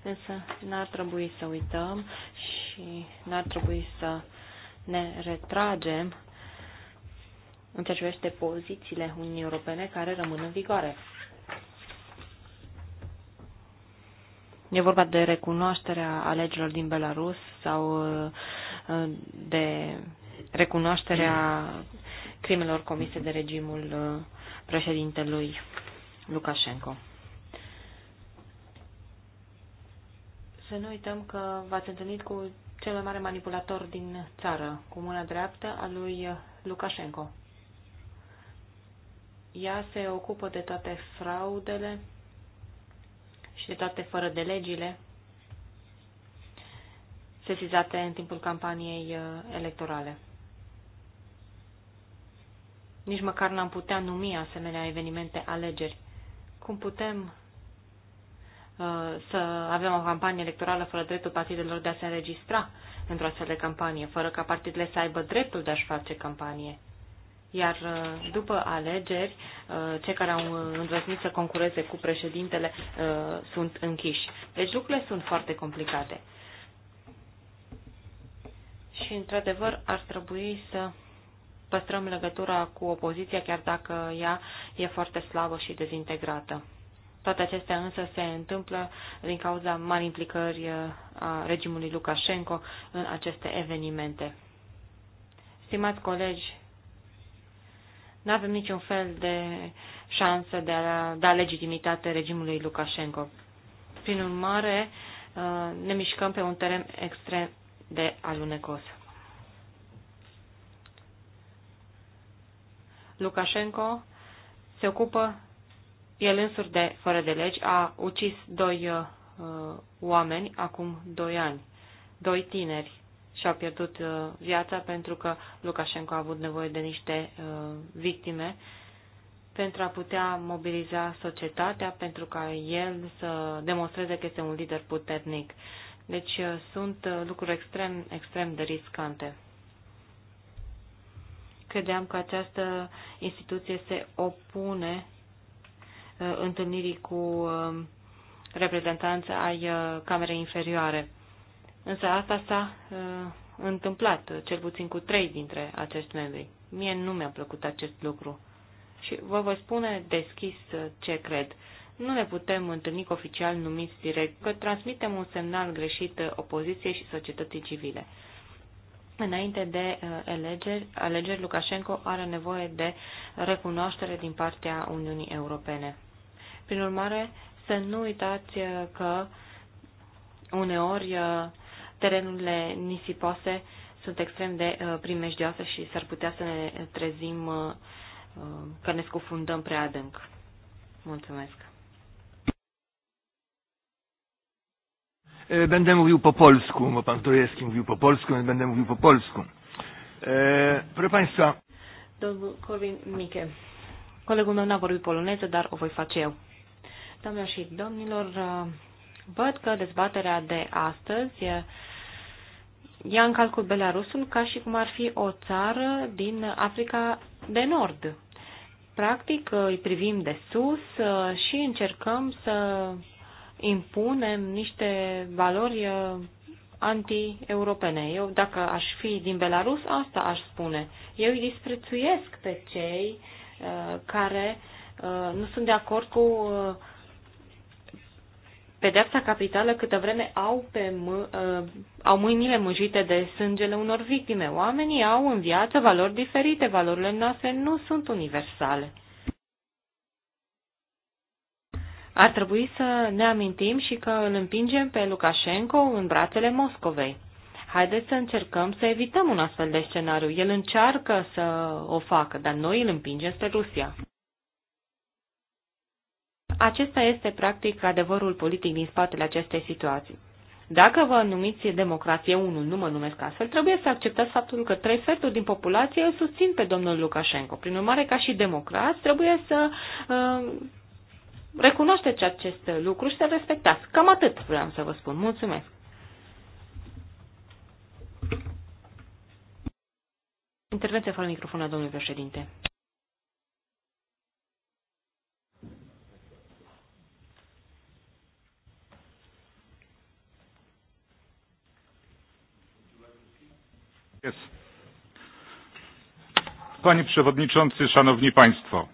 Însă n-ar trebui să uităm și n-ar trebui să ne retragem în ceea ce privește pozițiile Uniunii Europene care rămân în vigoare. E vorba de recunoașterea alegerilor din Belarus sau uh, de recunoașterea crimelor comise de regimul uh, președintelui Lukashenko. Să nu uităm că v-ați întâlnit cu cel mai mare manipulator din țară, cu mâna dreaptă a lui Lukashenko. Ea se ocupă de toate fraudele și de toate fără de legile sesizate în timpul campaniei uh, electorale. Nici măcar n-am putea numi asemenea evenimente alegeri. Cum putem uh, să avem o campanie electorală fără dreptul partidelor de a se înregistra într-o astfel de campanie, fără ca partidele să aibă dreptul de a-și face campanie. Iar uh, după alegeri, uh, cei care au îndrăznit să concureze cu președintele sunt închiși. Deci lucrurile sunt foarte complicate. Și, într-adevăr, ar trebui să păstrăm legătura cu opoziția, chiar dacă ea e foarte slabă și dezintegrată. Toate acestea însă se întâmplă din cauza mari implicări uh, a regimului Lukashenko în aceste evenimente. Stimați colegi, nu avem niciun fel de șansă de a da legitimitate regimului Lukashenko. Prin urmare, uh, ne mișcăm pe un teren extrem de alunecos. Lukashenko se ocupă el însuri de fără de legi, a ucis doi uh, oameni acum doi ani, doi tineri și-au pierdut uh, viața pentru că Lukashenko a avut nevoie de niște uh, victime pentru a putea mobiliza societatea, pentru ca el să demonstreze că este un lider puternic. Deci uh, sunt uh, lucruri extrem, extrem de riscante. Credeam că această instituție se opune uh, întâlnirii cu uh, reprezentanța ai uh, Camerei Inferioare. Însă asta s-a întâmplat, cel puțin cu trei dintre acești membri. Mie nu mi-a plăcut acest lucru. Și vă voi spune deschis ce cred. Nu ne putem întâlni cu oficial numiți direct, că transmitem un semnal greșit opoziției și societății civile. Înainte de uh, alegeri, alegeri, Lukashenko are nevoie de recunoaștere din partea Uniunii Europene. Prin urmare, să nu uitați uh, că uneori uh, terenurile nisipoase sunt extrem de primejdioase și s-ar putea să ne trezim că ne scufundăm prea adânc. Mulțumesc! Będę mówił po polsku, bo pan Turejewski mówił po polsku, więc będę mówił po polsku. E, proszę Państwa. Domnul Corvin Miche. Colegul meu n-a vorbit poloneză, dar o voi face eu. Doamnelor și domnilor, văd că dezbaterea de astăzi ia în calcul Belarusul ca și cum ar fi o țară din Africa de Nord. Practic, îi privim de sus și încercăm să impunem niște valori uh, anti-europene. Eu, dacă aș fi din Belarus, asta aș spune. Eu îi disprețuiesc pe cei uh, care uh, nu sunt de acord cu uh, pedeapsa capitală câtă vreme au, pe mă, uh, au mâinile mânjite de sângele unor victime. Oamenii au în viață valori diferite, valorile noastre nu sunt universale. Ar trebui să ne amintim și că îl împingem pe Lukashenko în brațele Moscovei. Haideți să încercăm să evităm un astfel de scenariu. El încearcă să o facă, dar noi îl împingem spre Rusia. Acesta este practic adevărul politic din spatele acestei situații. Dacă vă numiți democrație unul, nu mă numesc astfel, trebuie să acceptați faptul că trei sferturi din populație îl susțin pe domnul Lukashenko. Prin urmare, ca și democrați, trebuie să uh, recunoașteți acest lucru și să respectați. Cam atât vreau să vă spun. Mulțumesc! Intervenție fără microfon la domnul președinte. Panie Przewodniczący, Szanowni Państwo.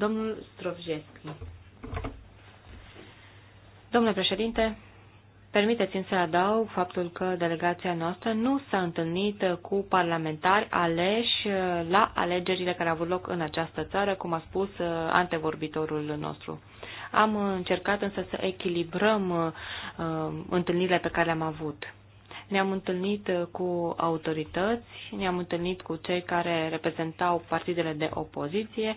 Domnul Strovjescu. Domnule președinte, permiteți-mi să adaug faptul că delegația noastră nu s-a întâlnit cu parlamentari aleși la alegerile care au avut loc în această țară, cum a spus antevorbitorul nostru. Am încercat însă să echilibrăm uh, întâlnirile pe care le-am avut. Ne-am întâlnit cu autorități, ne-am întâlnit cu cei care reprezentau partidele de opoziție,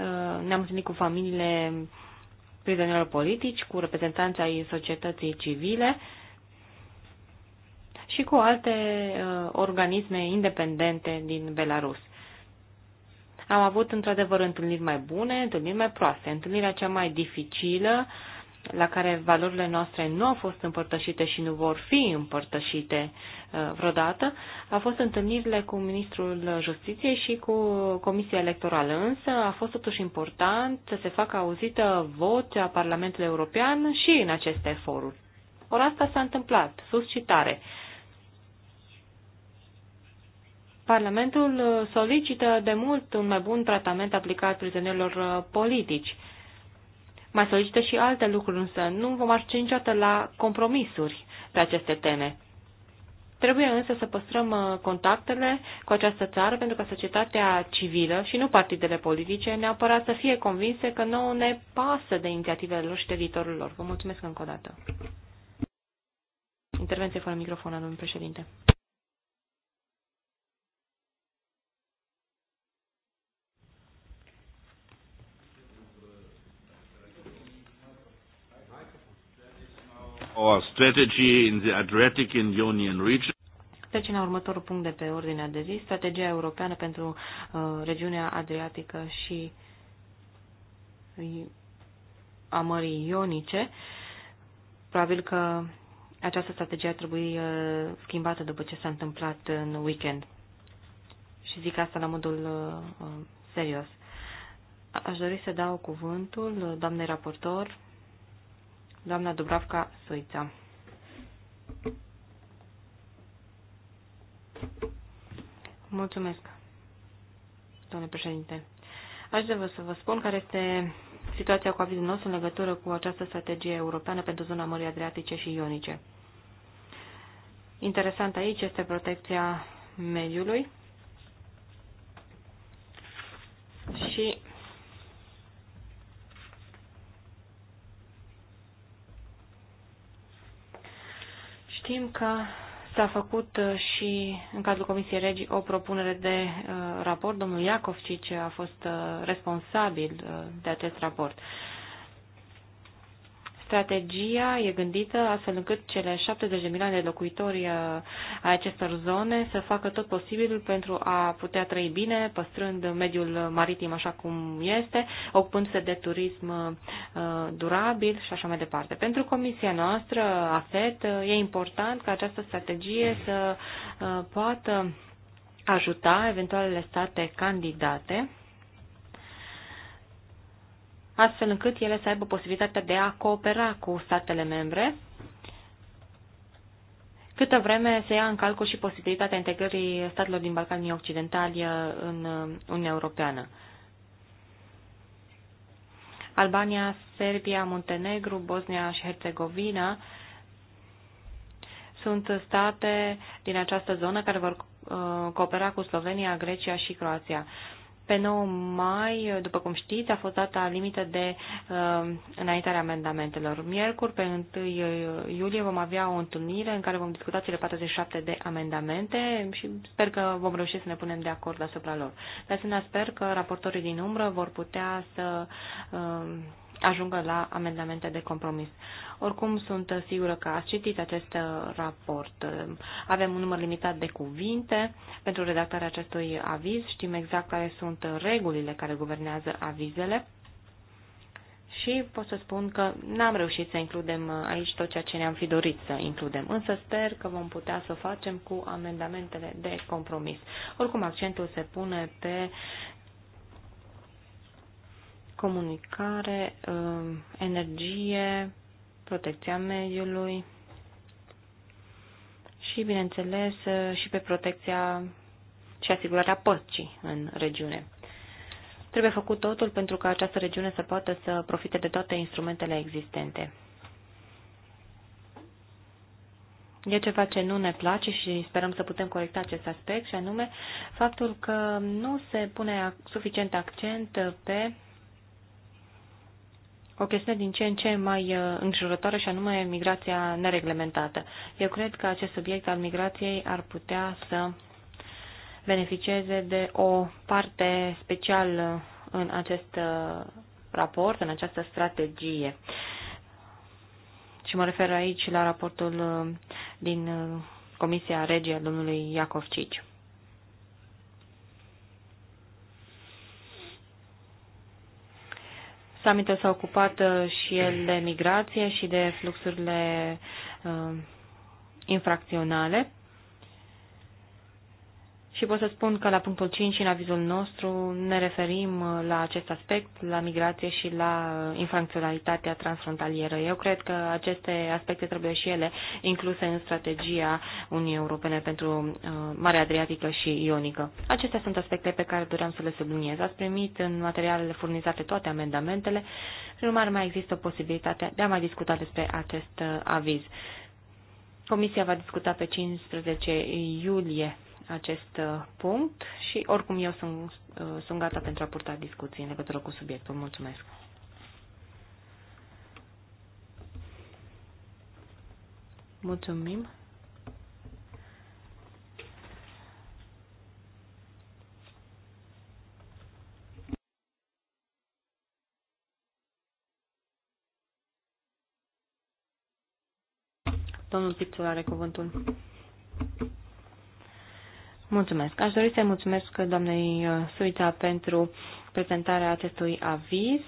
Uh, ne-am întâlnit cu familiile prizonierilor politici, cu reprezentanții ai societății civile și cu alte uh, organisme independente din Belarus. Am avut într-adevăr întâlniri mai bune, întâlniri mai proaste. Întâlnirea cea mai dificilă uh, la care valorile noastre nu au fost împărtășite și nu vor fi împărtășite uh, vreodată, a fost întâlnirile cu Ministrul Justiției și cu Comisia Electorală. Însă a fost totuși important să se facă auzită vocea Parlamentului European și în aceste foruri. Ori asta s-a întâmplat, suscitare. Parlamentul solicită de mult un mai bun tratament aplicat prizonierilor uh, politici. Mai solicită și alte lucruri, însă nu vom ajunge niciodată la compromisuri pe aceste teme. Trebuie însă să păstrăm uh, contactele cu această țară pentru că societatea civilă și nu partidele politice neapărat să fie convinse că nouă ne pasă de inițiativele lor și de viitorul lor. Vă mulțumesc încă o dată. Intervenție fără microfon, domnul președinte. our strategy in the Adriatic and Ionian region. Trecem la următorul punct de pe ordinea de zi, strategia europeană pentru uh, regiunea Adriatică și uh, a Mării Ionice. Probabil că această strategie ar trebui uh, schimbată după ce s-a întâmplat în weekend. Și zic asta la modul uh, uh serios. Aș dori să dau cuvântul doamnei raportor, doamna Dubravka Soița. Mulțumesc, domnule președinte. Aș vrea să vă spun care este situația cu avizul nostru în legătură cu această strategie europeană pentru zona Mării Adriatice și Ionice. Interesant aici este protecția mediului și Știm că s-a făcut uh, și în cadrul Comisiei Regii o propunere de uh, raport. Domnul Iacov Cice a fost uh, responsabil de acest raport. Strategia e gândită astfel încât cele 70 de milioane de locuitori uh, a acestor zone să facă tot posibilul pentru a putea trăi bine, păstrând mediul maritim așa cum este, ocupându-se de turism uh, durabil și așa mai departe. Pentru comisia noastră, AFET, uh, e important ca această strategie să poată ajuta eventualele state candidate astfel încât ele să aibă posibilitatea de a coopera cu statele membre, câtă vreme se ia în calcul și posibilitatea integrării statelor din Balcanii Occidentali în Uniunea Europeană. Albania, Serbia, Muntenegru, Bosnia și Herțegovina sunt state din această zonă care vor uh, coopera cu Slovenia, Grecia și Croația. Pe 9 mai, după cum știți, a fost data limită de uh, înaintare a amendamentelor. Miercuri, pe 1 uh, iulie, vom avea o întâlnire în care vom discuta cele 47 de amendamente și sper că vom reuși să ne punem de acord asupra lor. De asemenea, sper că raportorii din umbră vor putea să uh, ajungă la amendamente de compromis. Oricum, sunt sigură că ați citit acest raport. Avem un număr limitat de cuvinte pentru redactarea acestui aviz. Știm exact care sunt regulile care guvernează avizele. Și pot să spun că n-am reușit să includem aici tot ceea ce ne-am fi dorit să includem, însă sper că vom putea să o facem cu amendamentele de compromis. Oricum, accentul se pune pe comunicare, um, energie, protecția mediului și, bineînțeles, uh, și pe protecția și asigurarea păcii în regiune. Trebuie făcut totul pentru ca această regiune să poată să profite de toate instrumentele existente. E ceva ce nu ne place și sperăm să putem corecta acest aspect, și anume faptul că nu se pune suficient accent pe o chestiune din ce în ce mai uh, îngrijorătoare și anume migrația nereglementată. Eu cred că acest subiect al migrației ar putea să beneficieze de o parte special în acest uh, raport, în această strategie. Și mă refer aici la raportul uh, din Comisia Regie a domnului Iacov Cici. Summitul s-a ocupat uh, și el de migrație și de fluxurile uh, infracționale. Și pot să spun că la punctul 5 și în avizul nostru ne referim uh, la acest aspect, la migrație și la infracționalitatea transfrontalieră. Eu cred că aceste aspecte trebuie și ele incluse în strategia Uniunii Europene pentru uh, Marea Adriatică și Ionică. Acestea sunt aspecte pe care doream să le subliniez. Ați primit în materialele furnizate toate amendamentele, prin urmare mai există posibilitatea de a mai discuta despre acest uh, aviz. Comisia va discuta pe 15 iulie acest uh, punct și oricum eu sunt, uh, sunt gata pentru a purta discuții în legătură cu subiectul. Mulțumesc! Mulțumim! Domnul Pipțul are cuvântul. Mulțumesc. Aș dori să-i mulțumesc doamnei uh, Suita pentru prezentarea acestui aviz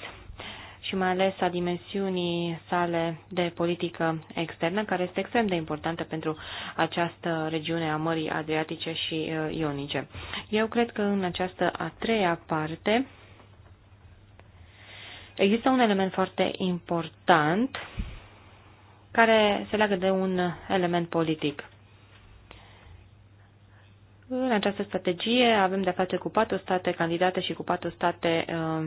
și mai ales a dimensiunii sale de politică externă, care este extrem de importantă pentru această regiune a Mării Adriatice și uh, Ionice. Eu cred că în această a treia parte există un element foarte important care se leagă de un element politic. În această strategie avem de-a face cu patru state candidate și cu patru state uh,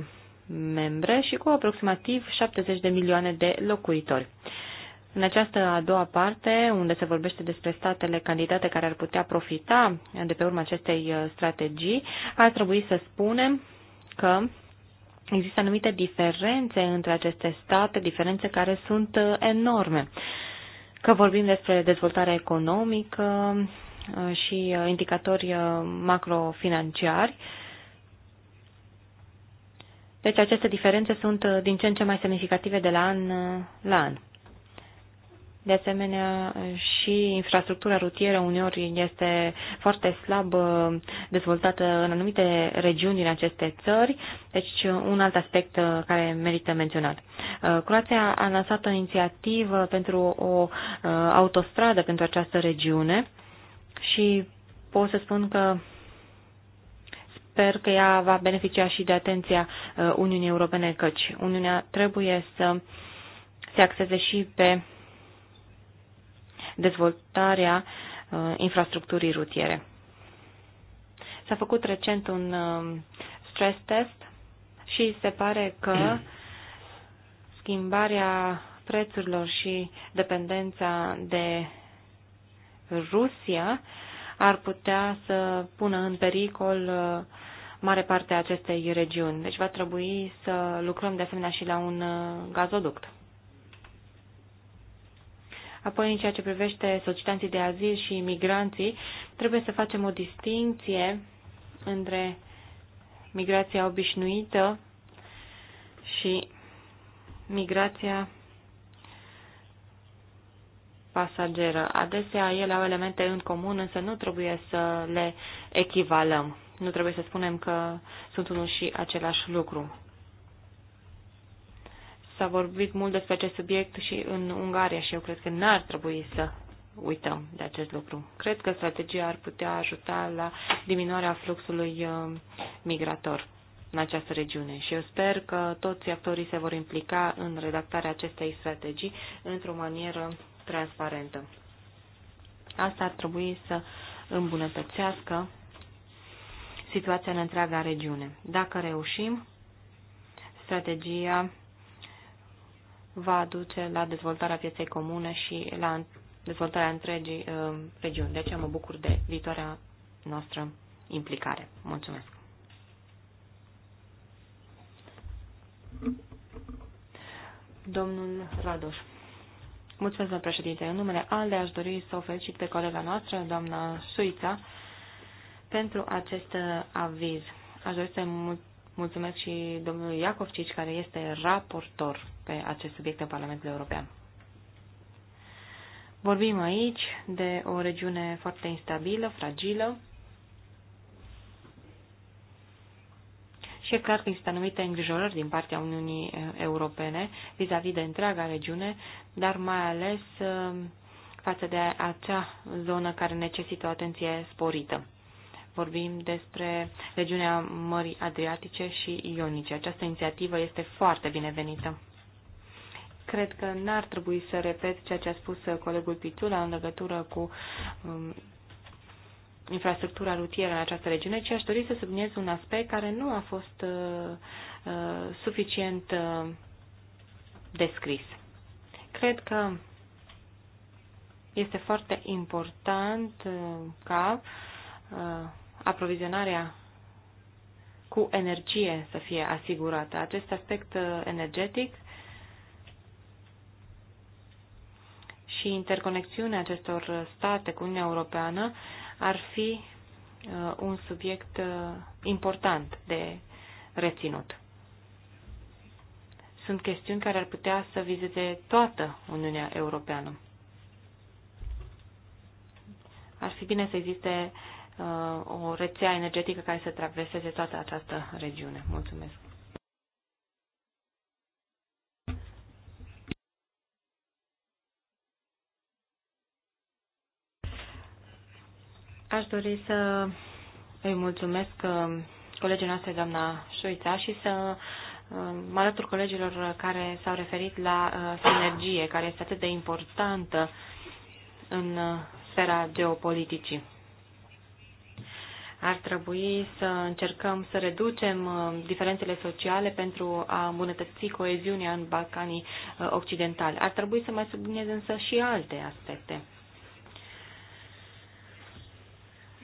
membre și cu aproximativ 70 de milioane de locuitori. În această a doua parte, unde se vorbește despre statele candidate care ar putea profita de pe urma acestei uh, strategii, ar trebui să spunem că există anumite diferențe între aceste state, diferențe care sunt uh, enorme. Că vorbim despre dezvoltare economică, Uh, și uh, indicatori uh, macrofinanciari. Deci aceste diferențe sunt din ce în ce mai semnificative de la an la an. De asemenea, și infrastructura rutieră uneori este foarte slab dezvoltată în anumite regiuni din aceste țări, deci un alt aspect care merită menționat. Croația a lansat o inițiativă pentru o autostradă pentru această regiune și pot să spun că sper că ea va beneficia și de atenția uh, Uniunii Europene, căci Uniunea trebuie să se axeze și pe dezvoltarea uh, infrastructurii rutiere. S-a făcut recent un um, stress test și se pare că schimbarea prețurilor și dependența de Rusia ar putea să pună în pericol uh, mare parte a acestei regiuni. Deci va trebui să lucrăm de asemenea și la un uh, gazoduct. Apoi, în ceea ce privește solicitanții de azil și migranții, trebuie să facem o distinție între migrația obișnuită și migrația pasageră. Adesea ele au elemente în comun, însă nu trebuie să le echivalăm. Nu trebuie să spunem că sunt unul și același lucru. S-a vorbit mult despre acest subiect și în Ungaria și eu cred că n-ar trebui să uităm de acest lucru. Cred că strategia ar putea ajuta la diminuarea fluxului uh, migrator în această regiune și eu sper că toți actorii se vor implica în redactarea acestei strategii într-o manieră transparentă. Asta ar trebui să îmbunătățească situația în întreaga regiune. Dacă reușim, strategia va aduce la dezvoltarea pieței comune și la dezvoltarea întregii uh, regiuni. De aceea mă bucur de viitoarea noastră implicare. Mulțumesc! Domnul Radoș. Mulțumesc, domnule președinte. În numele ALDE aș dori să o felicit pe colega noastră, doamna Suița, pentru acest uh, aviz. Aș dori să mulțumesc și domnului Cici, care este raportor pe acest subiect în Parlamentul European. Vorbim aici de o regiune foarte instabilă, fragilă, Și e clar că există anumite îngrijorări din partea Uniunii eh, Europene vis-a-vis -vis de întreaga regiune, dar mai ales eh, față de acea zonă care necesită o atenție sporită. Vorbim despre regiunea Mării Adriatice și Ionice. Această inițiativă este foarte binevenită. Cred că n-ar trebui să repet ceea ce a spus eh, colegul Pițula în legătură cu mm, infrastructura rutieră în această regiune, ci aș dori să subliniez un aspect care nu a fost uh, uh, suficient uh, descris. Cred că este foarte important uh, ca uh, aprovizionarea cu energie să fie asigurată. Acest aspect uh, energetic și interconexiunea acestor state cu Uniunea Europeană uh, ar fi uh, un subiect uh, important de reținut. Sunt chestiuni care ar putea să viziteze toată Uniunea Europeană. Ar fi bine să existe uh, o rețea energetică care să traverseze toată această regiune. Mulțumesc! Aș dori să îi mulțumesc uh, colegii noastre, doamna Șuița, și să uh, mă alătur colegilor care s-au referit la uh, sinergie, care este atât de importantă în sfera geopoliticii. Ar trebui să încercăm să reducem diferențele sociale pentru a îmbunătăți coeziunea în Balcanii Occidentali. Ar trebui să mai subliniez însă și alte aspecte.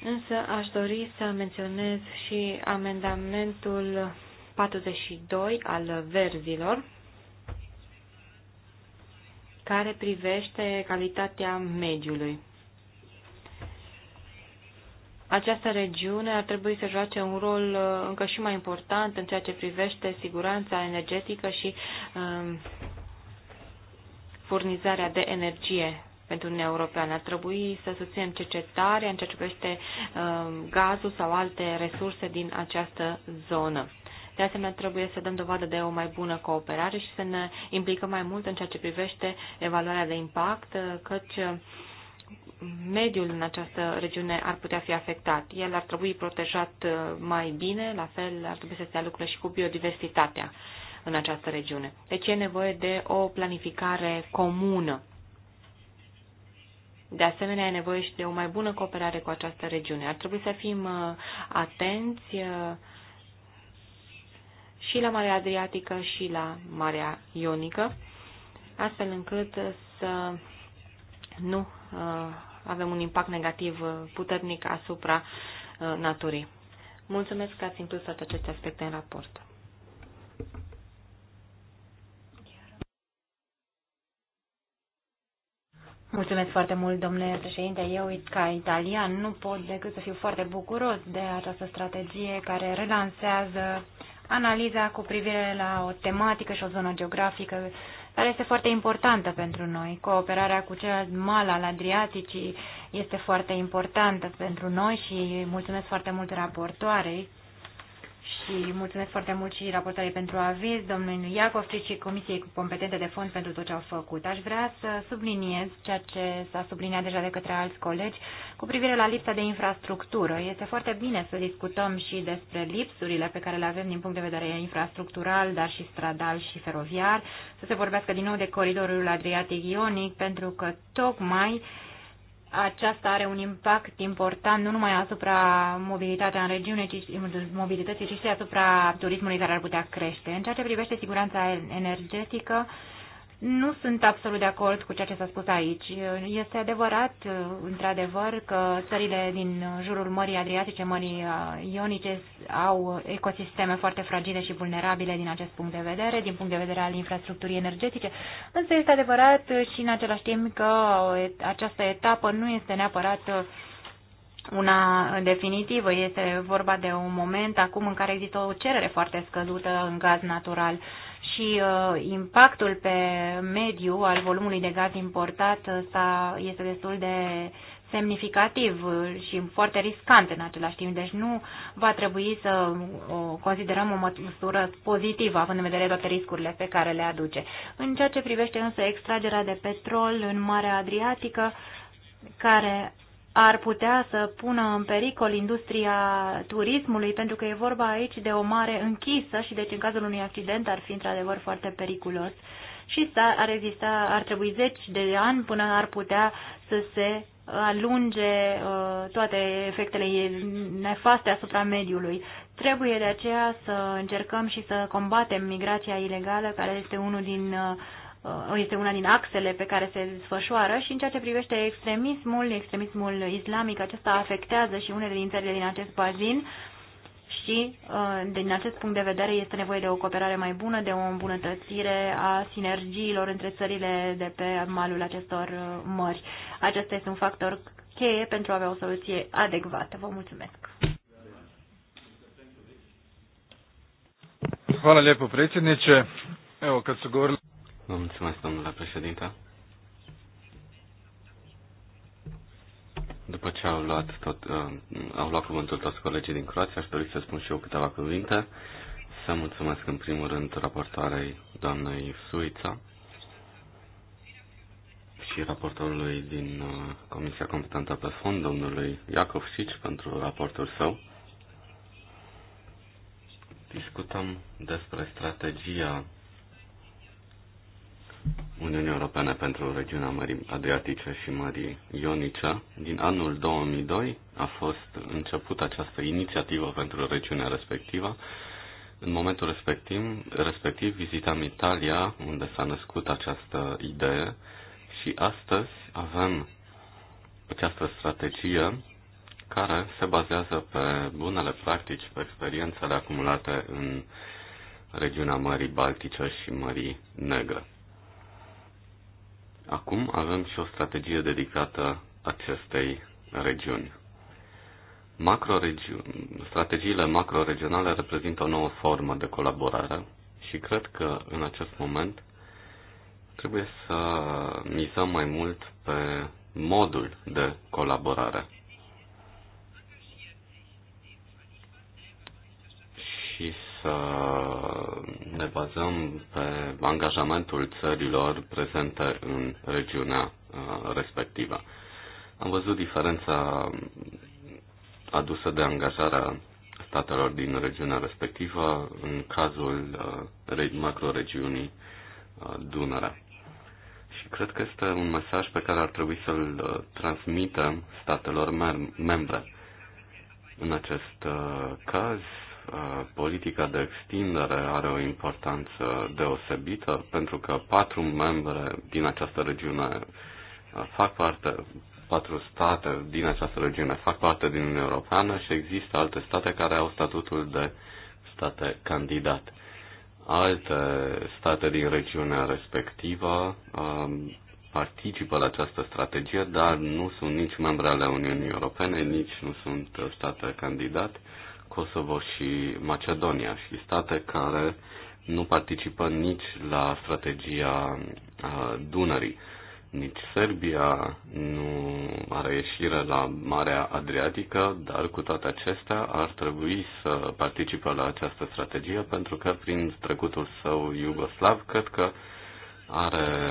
Însă aș dori să menționez și amendamentul 42 al verzilor, care privește calitatea mediului. Această regiune ar trebui să joace un rol uh, încă și mai important în ceea ce privește siguranța energetică și um, furnizarea de energie pentru Uniunea Europeană. Ar trebui să susținem cercetarea în ceea ce privește um, gazul sau alte resurse din această zonă. De asemenea, trebuie să dăm dovadă de o mai bună cooperare și să ne implicăm mai mult în ceea ce privește evaluarea de impact, uh, căci uh, mediul în această regiune ar putea fi afectat. El ar trebui protejat uh, mai bine, la fel ar trebui să se lucre și cu biodiversitatea în această regiune. Deci e nevoie de o planificare comună. De asemenea, e nevoie și de o mai bună cooperare cu această regiune. Ar trebui să fim uh, atenți uh, și la Marea Adriatică și la Marea Ionică, astfel încât să nu uh, avem un impact negativ puternic asupra naturii. Mulțumesc că ați inclus toate aceste aspecte în raport. Mulțumesc foarte mult, domnule președinte. Eu, ca italian, nu pot decât să fiu foarte bucuros de această strategie care relansează analiza cu privire la o tematică și o zonă geografică care este foarte importantă pentru noi. Cooperarea cu celălalt mal al Adriaticii este foarte importantă pentru noi și mulțumesc foarte mult raportoarei și mulțumesc foarte mult și raportării pentru aviz, domnul Iacov și Comisiei Competente de Fond pentru tot ce au făcut. Aș vrea să subliniez ceea ce s-a subliniat deja de către alți colegi cu privire la lipsa de infrastructură. Este foarte bine să discutăm și despre lipsurile pe care le avem din punct de vedere infrastructural, dar și stradal și feroviar, să se vorbească din nou de coridorul Adriatic-Ionic, pentru că tocmai uh, aceasta are un impact important nu numai asupra mobilitatea în regiune, ci, mobilității, ci și asupra turismului care ar putea crește. În ceea ce privește siguranța energetică, uh, nu sunt absolut de acord cu ceea ce s-a spus aici. Este adevărat, într-adevăr, că țările din jurul Mării Adriatice, Mării uh, Ionice, au ecosisteme foarte fragile și vulnerabile din acest punct de vedere, din punct de vedere al infrastructurii energetice. Însă este adevărat și în același timp că această etapă nu este neapărat uh, una definitivă. Este vorba de un moment acum în care există o cerere foarte scăzută în gaz natural. Uh, și uh, impactul pe mediu al volumului de gaz importat ăsta uh, este destul de semnificativ și foarte riscant în același timp, deci nu va trebui să o considerăm o măsură pozitivă, având în vedere toate riscurile pe care le aduce. În ceea ce privește însă extragerea de petrol în Marea Adriatică, care ar putea să pună în pericol industria turismului, pentru că e vorba aici de o mare închisă și deci în cazul unui accident ar fi într-adevăr foarte periculos. Și ar exista, ar trebui zeci de ani până ar putea să se alunge uh, toate efectele nefaste asupra mediului. Trebuie de aceea să încercăm și să combatem migrația ilegală, care este unul din uh, Uh, este una din axele pe care se desfășoară și în ceea ce privește extremismul, extremismul islamic, acesta afectează și unele din țările din acest bazin și uh, din acest punct de vedere este nevoie de o cooperare mai bună, de o îmbunătățire a sinergiilor între țările de pe malul acestor uh, mări. Acesta este un factor cheie pentru a avea o soluție adecvată. Vă mulțumesc! Hvala lijepo predsjedniče. Evo kad su govorili Vă mulțumesc, domnule președinte. După ce au luat, tot, uh, au luat cuvântul toți colegii din Croația, aș dori să spun și eu câteva cuvinte. Să mulțumesc în primul rând raportoarei doamnei Suița și raportorului din uh, Comisia Competentă pe Fond, domnului Iacov Șici, pentru raportul său. Discutăm despre strategia Uniunea Europeană pentru regiunea Mării Adriatice și Mării Ionice. Din anul 2002 a fost începută această inițiativă pentru regiunea respectivă. În momentul respectiv, respectiv vizitam Italia, unde s-a născut această idee și astăzi avem această strategie care se bazează pe bunele practici, pe experiențele acumulate în regiunea Mării Baltice și Mării Negre. Acum avem și o strategie dedicată acestei regiuni. Macroregi... Strategiile macroregionale reprezintă o nouă formă de colaborare și cred că în acest moment trebuie să mizăm mai mult pe modul de colaborare. să ne bazăm pe angajamentul țărilor prezente în regiunea uh, respectivă. Am văzut diferența adusă de angajarea statelor din regiunea respectivă în cazul uh, macroregiunii uh, Dunărea. Și cred că este un mesaj pe care ar trebui să-l transmitem statelor membre. În acest caz, Uh, politica de extindere are o importanță deosebită, pentru că patru membre din această regiune uh, fac parte, patru state din această regiune fac parte din Uniunea Europeană și există alte state care au statutul de state candidat. Alte state din regiunea respectivă um, participă la această strategie, dar nu sunt nici membre ale Uniunii Europene, nici nu sunt state candidat Kosovo și Macedonia și state care nu participă nici la strategia Dunării. Nici Serbia nu are ieșire la Marea Adriatică, dar cu toate acestea ar trebui să participe la această strategie pentru că prin trecutul său iugoslav cred că are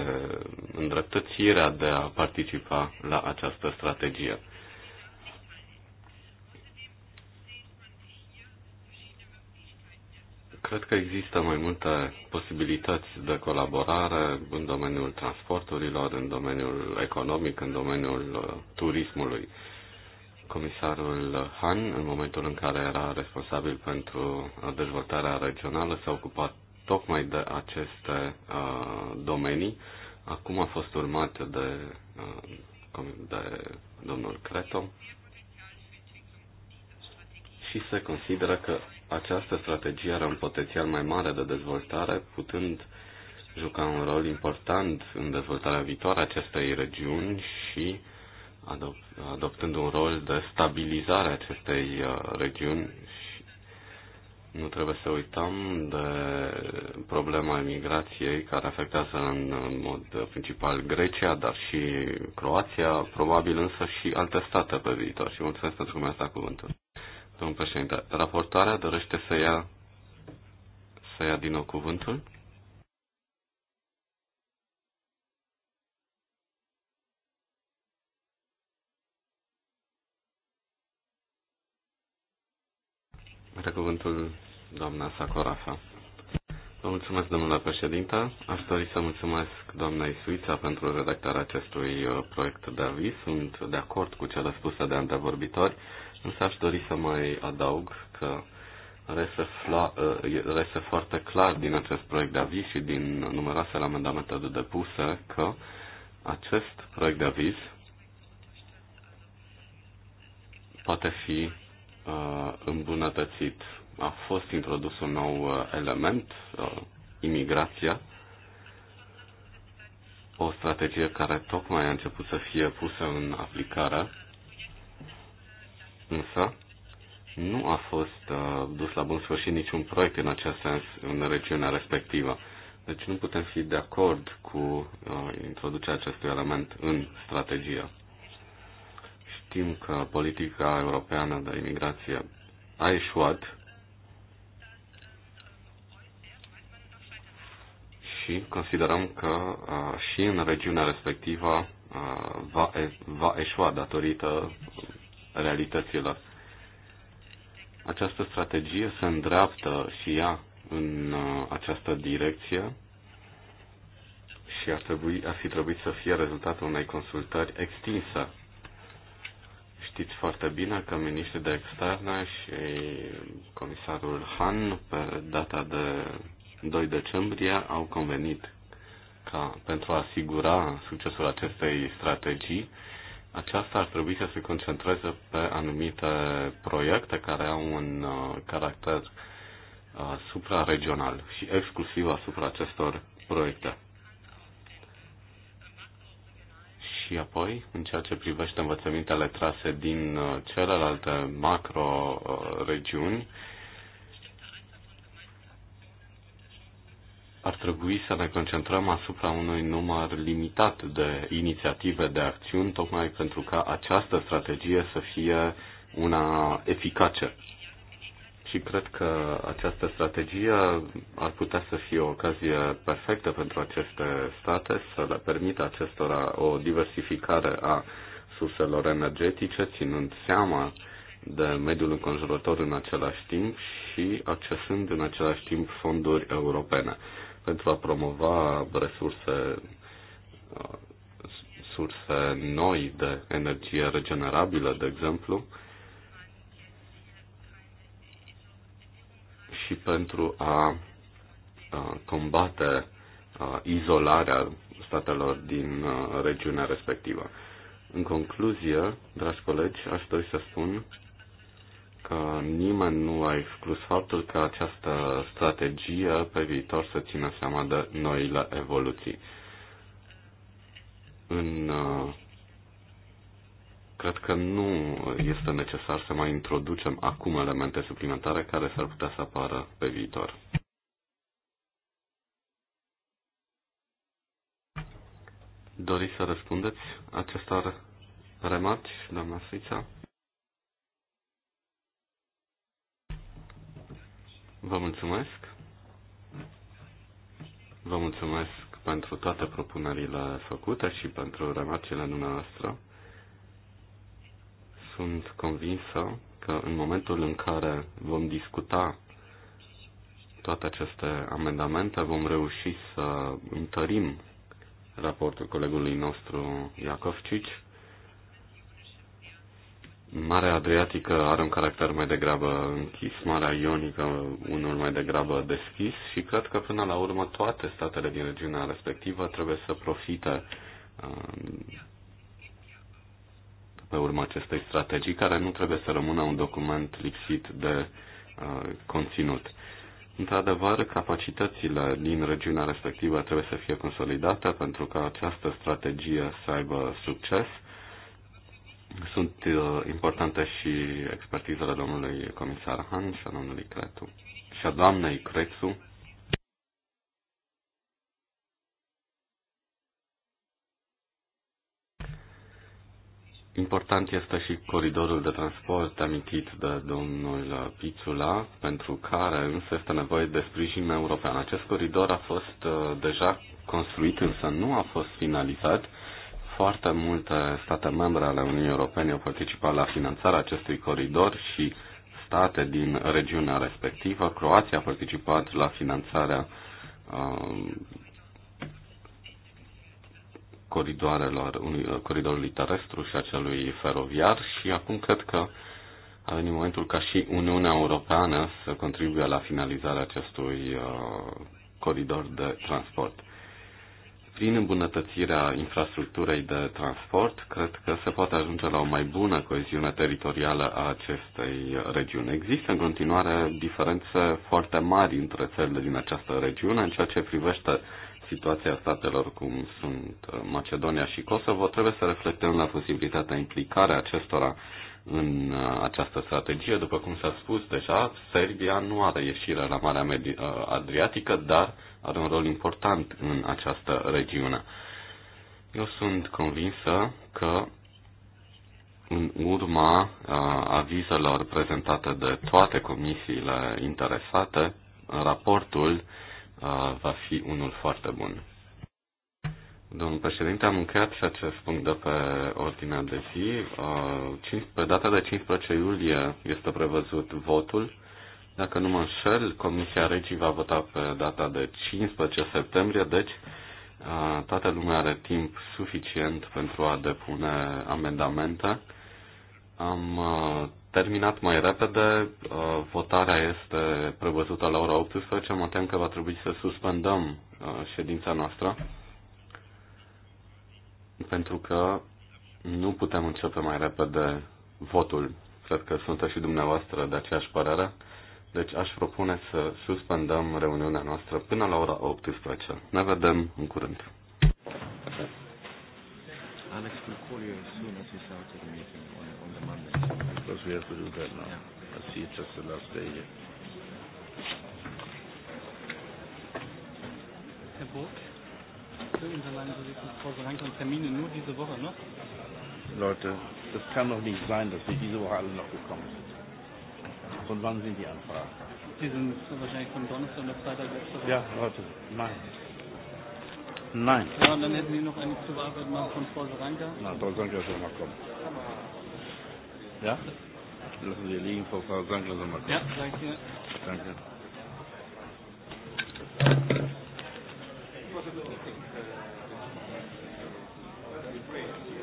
îndreptățirea de a participa la această strategie. Cred că există mai multe posibilități de colaborare în domeniul transporturilor, în domeniul economic, în domeniul uh, turismului. Comisarul Han, în momentul în care era responsabil pentru uh, dezvoltarea regională, s-a ocupat tocmai de aceste uh, domenii. Acum a fost urmat de, uh, de domnul Creto și se consideră că această strategie are un potențial mai mare de dezvoltare, putând juca un rol important în dezvoltarea viitoare a acestei regiuni și adoptând un rol de stabilizare a acestei uh, regiuni și nu trebuie să uităm de problema emigrației care afectează în mod principal Grecia, dar și Croația, probabil însă și alte state pe viitor. Și mulțumesc pentru că mi a stat cuvântul. Domnul președinte, raportarea dorește să ia, să ia din nou cuvântul? Are cuvântul doamna Sacorafa. Vă mulțumesc, domnule președinte. Aș dori să mulțumesc doamnei Suița pentru redactarea acestui uh, proiect de avis. Sunt de acord cu cele spuse de antevorbitori. vorbitori Însă aș dori să mai adaug că rese, foarte clar din acest proiect de aviz și din numeroasele amendamente de depuse că acest proiect de aviz poate fi uh, îmbunătățit. A fost introdus un nou uh, element, uh, imigrația, o strategie care tocmai a început să fie pusă în aplicare însă nu a fost uh, dus la bun sfârșit niciun proiect în acest sens în regiunea respectivă. Deci nu putem fi de acord cu uh, introducerea acestui element în strategie. Știm că politica europeană de imigrație a eșuat și considerăm că uh, și în regiunea respectivă uh, va, e- va eșua datorită realităților. Această strategie se îndreaptă și ea în uh, această direcție și ar, trebui, ar fi trebuit să fie rezultatul unei consultări extinse. Știți foarte bine că ministrul de externe și comisarul Han, pe data de 2 decembrie, au convenit ca pentru a asigura succesul acestei strategii aceasta ar trebui să se concentreze pe anumite proiecte care au un uh, caracter uh, supraregional și exclusiv asupra acestor proiecte. Și apoi, în ceea ce privește învățămintele trase din uh, celelalte macro-regiuni, ar trebui să ne concentrăm asupra unui număr limitat de inițiative, de acțiuni, tocmai pentru ca această strategie să fie una eficace. Și cred că această strategie ar putea să fie o ocazie perfectă pentru aceste state să le permită acestora o diversificare a surselor energetice, ținând seama de mediul înconjurător în același timp și accesând în același timp fonduri europene pentru a promova resurse surse noi de energie regenerabilă, de exemplu, și pentru a combate izolarea statelor din regiunea respectivă. În concluzie, dragi colegi, aș dori să spun că nimeni nu a exclus faptul că această strategie pe viitor să țină seama de noile evoluții. În, uh, cred că nu este necesar să mai introducem acum elemente suplimentare care s-ar putea să apară pe viitor. Doriți să răspundeți acestor remarci, doamna Sfița? Vă mulțumesc. Vă mulțumesc pentru toate propunerile făcute și pentru remarcile dumneavoastră. Sunt convinsă că în momentul în care vom discuta toate aceste amendamente, vom reuși să întărim raportul colegului nostru Iacovcici Marea Adriatică are un caracter mai degrabă închis, Marea Ionică unul mai degrabă deschis și cred că până la urmă toate statele din regiunea respectivă trebuie să profite um, pe urma acestei strategii, care nu trebuie să rămână un document lipsit de uh, conținut. Într-adevăr, capacitățile din regiunea respectivă trebuie să fie consolidate pentru ca această strategie să aibă succes sunt uh, importante și expertizele domnului comisar Han și a domnului Cretu și a doamnei Crețu. Important este și coridorul de transport amintit de domnul Pițula, pentru care însă este nevoie de sprijin european. Acest coridor a fost uh, deja construit, însă nu a fost finalizat foarte multe state membre ale Uniunii Europene au participat la finanțarea acestui coridor și state din regiunea respectivă. Croația a participat la finanțarea um, coridoarelor, coridorului terestru și acelui celui feroviar și acum cred că a venit momentul ca și Uniunea Europeană să contribuie la finalizarea acestui uh, coridor de transport prin îmbunătățirea infrastructurii de transport, cred că se poate ajunge la o mai bună coeziune teritorială a acestei regiuni. Există în continuare diferențe foarte mari între țările din această regiune în ceea ce privește situația statelor cum sunt Macedonia și Kosovo, trebuie să reflectăm la posibilitatea implicarea acestora în această strategie. După cum s-a spus deja, Serbia nu are ieșire la Marea Adriatică, dar are un rol important în această regiune. Eu sunt convinsă că în urma avizelor prezentate de toate comisiile interesate, raportul va fi unul foarte bun. Domnul președinte, am încheiat și acest punct de pe ordinea de zi. Pe data de 15 iulie este prevăzut votul dacă nu mă înșel, Comisia Regii va vota pe data de 15 septembrie, deci toată lumea are timp suficient pentru a depune amendamente. Am terminat mai repede, votarea este prevăzută la ora 18, mă tem că va trebui să suspendăm ședința noastră, pentru că nu putem începe mai repede votul. Cred că sunteți și dumneavoastră de aceeași părere. Deci aș propune să suspendăm reuniunea noastră până la ora 18. Ne vedem în curând. Alex as soon as he's out of the meeting on, on the Monday. Because we have to do that now. Yeah. I see it's just the last day Herr Burg, Sie sind vor so langsam Termine nur diese Woche, ne? Leute, das kann doch nicht sein, dass wir diese Woche alle noch gekommen sind. Von wann sind die Anfragen? Die sind wahrscheinlich von Donnerstag oder Freitag letzte Woche. Ja, heute. Nein. Nein. Ja, und dann hätten die noch eine zu bearbeiten machen von Frau Saranka. Na, Frau Saranka soll mal kommen. Ja? Lassen Sie liegen, Frau Saranka soll mal kommen. Ja, danke. Danke. Thank you.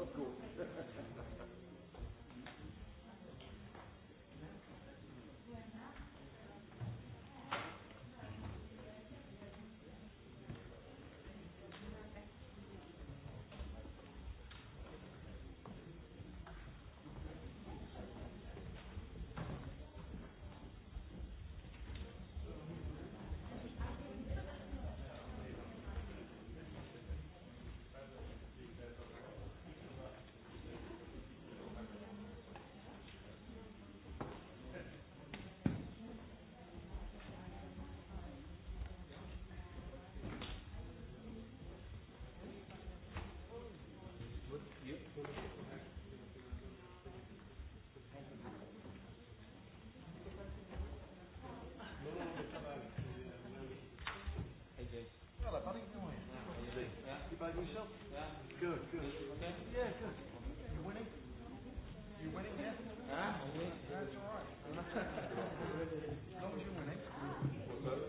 Of course. yourself? Yeah. Good, good. Okay. Yeah, good. You winning? You winning yet? Huh? That's all right. as long as winning. What's that?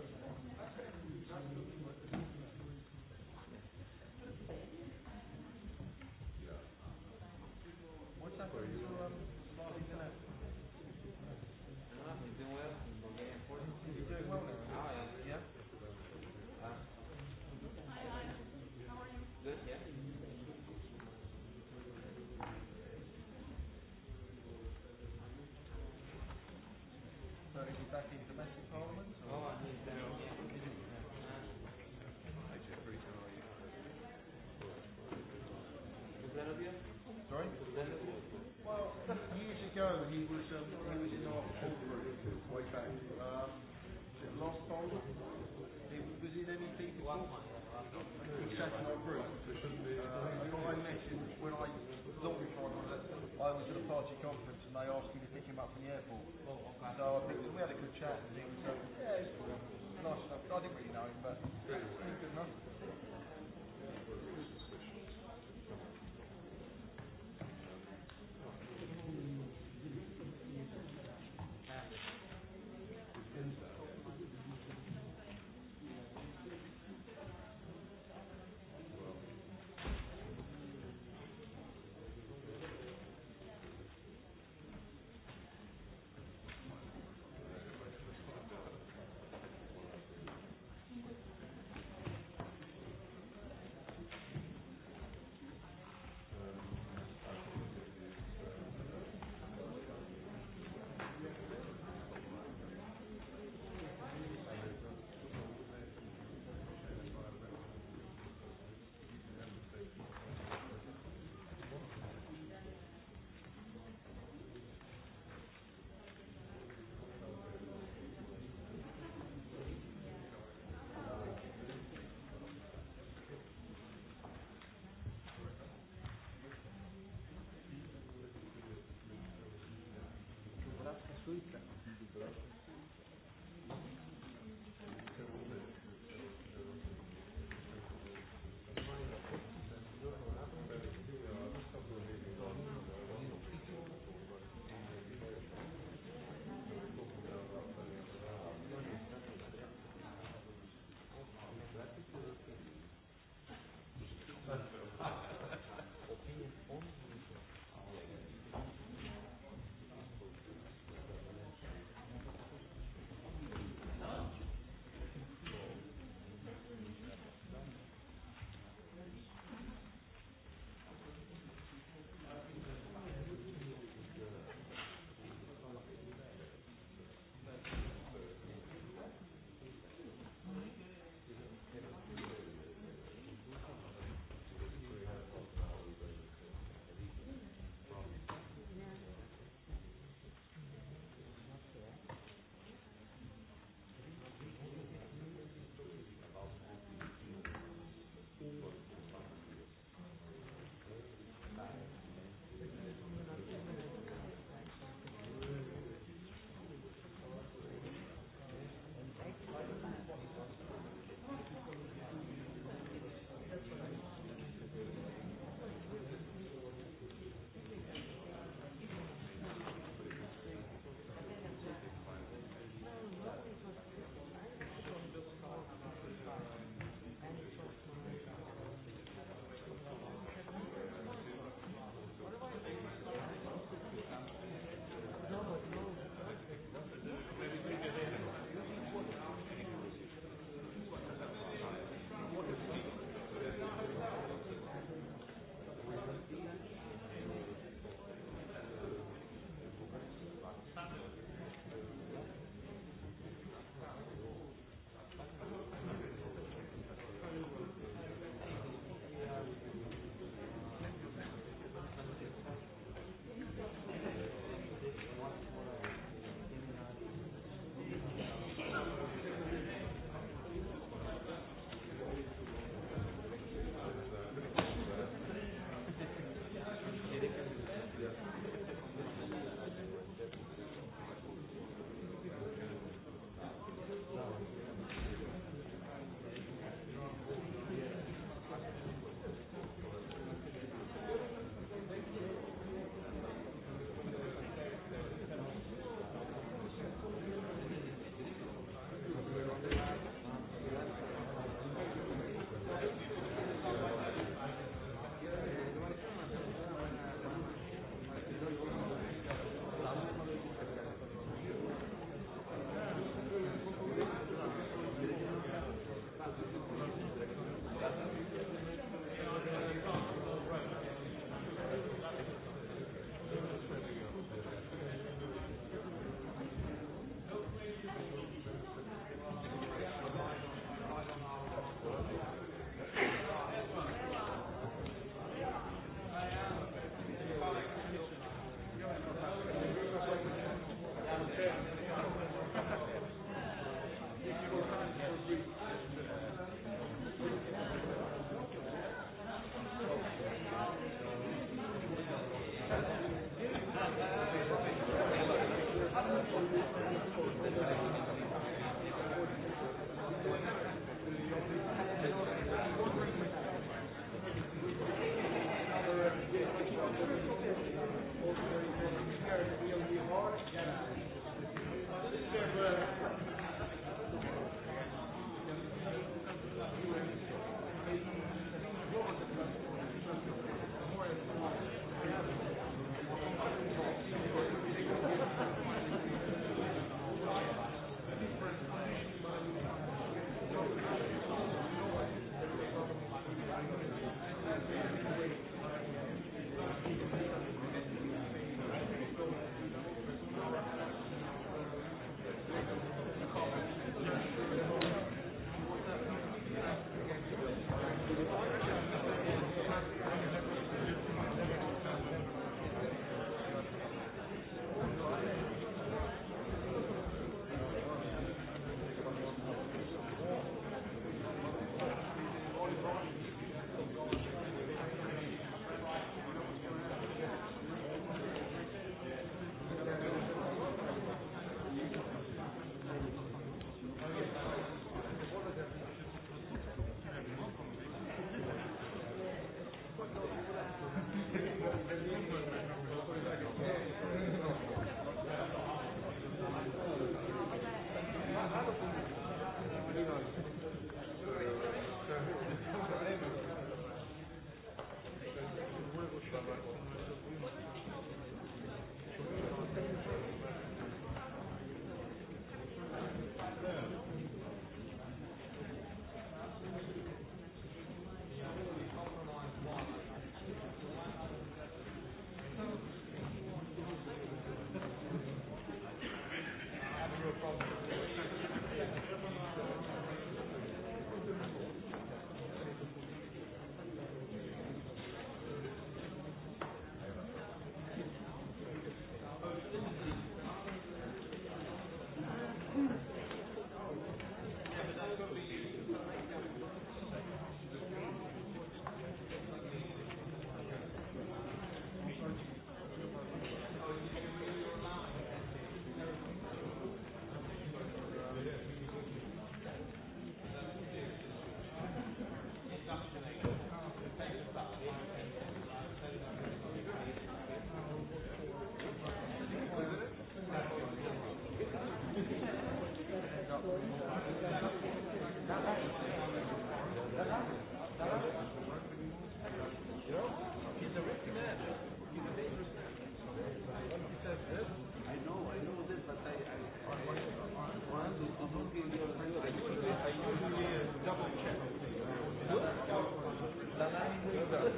So I think we had a good chat. And he yeah, he's nice enough. I didn't really know him, but Uite.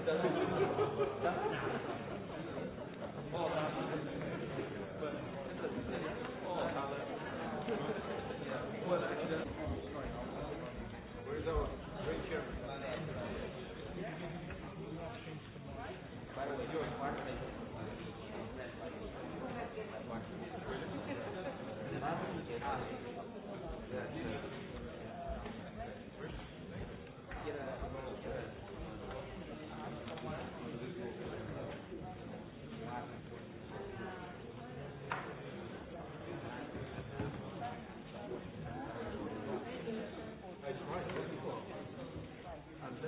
Thank you.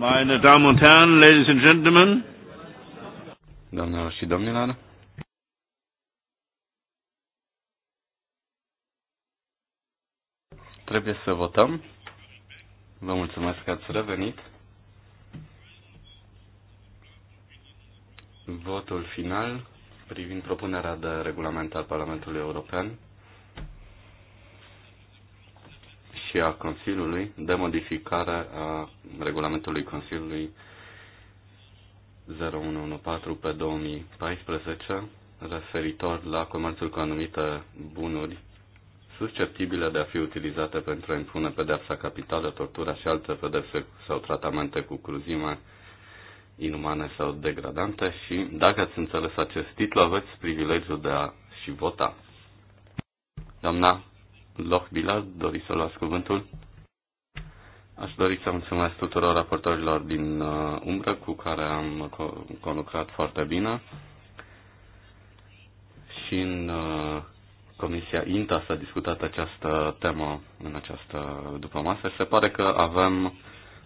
Meine Damen und Herren, Ladies and Gentlemen. Doamnelor și domnilor. Trebuie să votăm. Vă mulțumesc că ați revenit. Votul final privind propunerea de regulament al Parlamentului European și a Consiliului de modificare a regulamentului Consiliului 0114 pe 2014 referitor la comerțul cu anumite bunuri susceptibile de a fi utilizate pentru a impune pedepsa capitală, tortura și alte pedepse sau tratamente cu cruzime inumane sau degradante și, dacă ați înțeles acest titlu, aveți privilegiul de a și vota. Doamna Bilal, doriți să luați cuvântul? Aș dori să mulțumesc tuturor raportorilor din uh, umbră cu care am co- conlucrat foarte bine și în uh, Comisia INTA s-a discutat această temă în această după masă. Se pare că avem,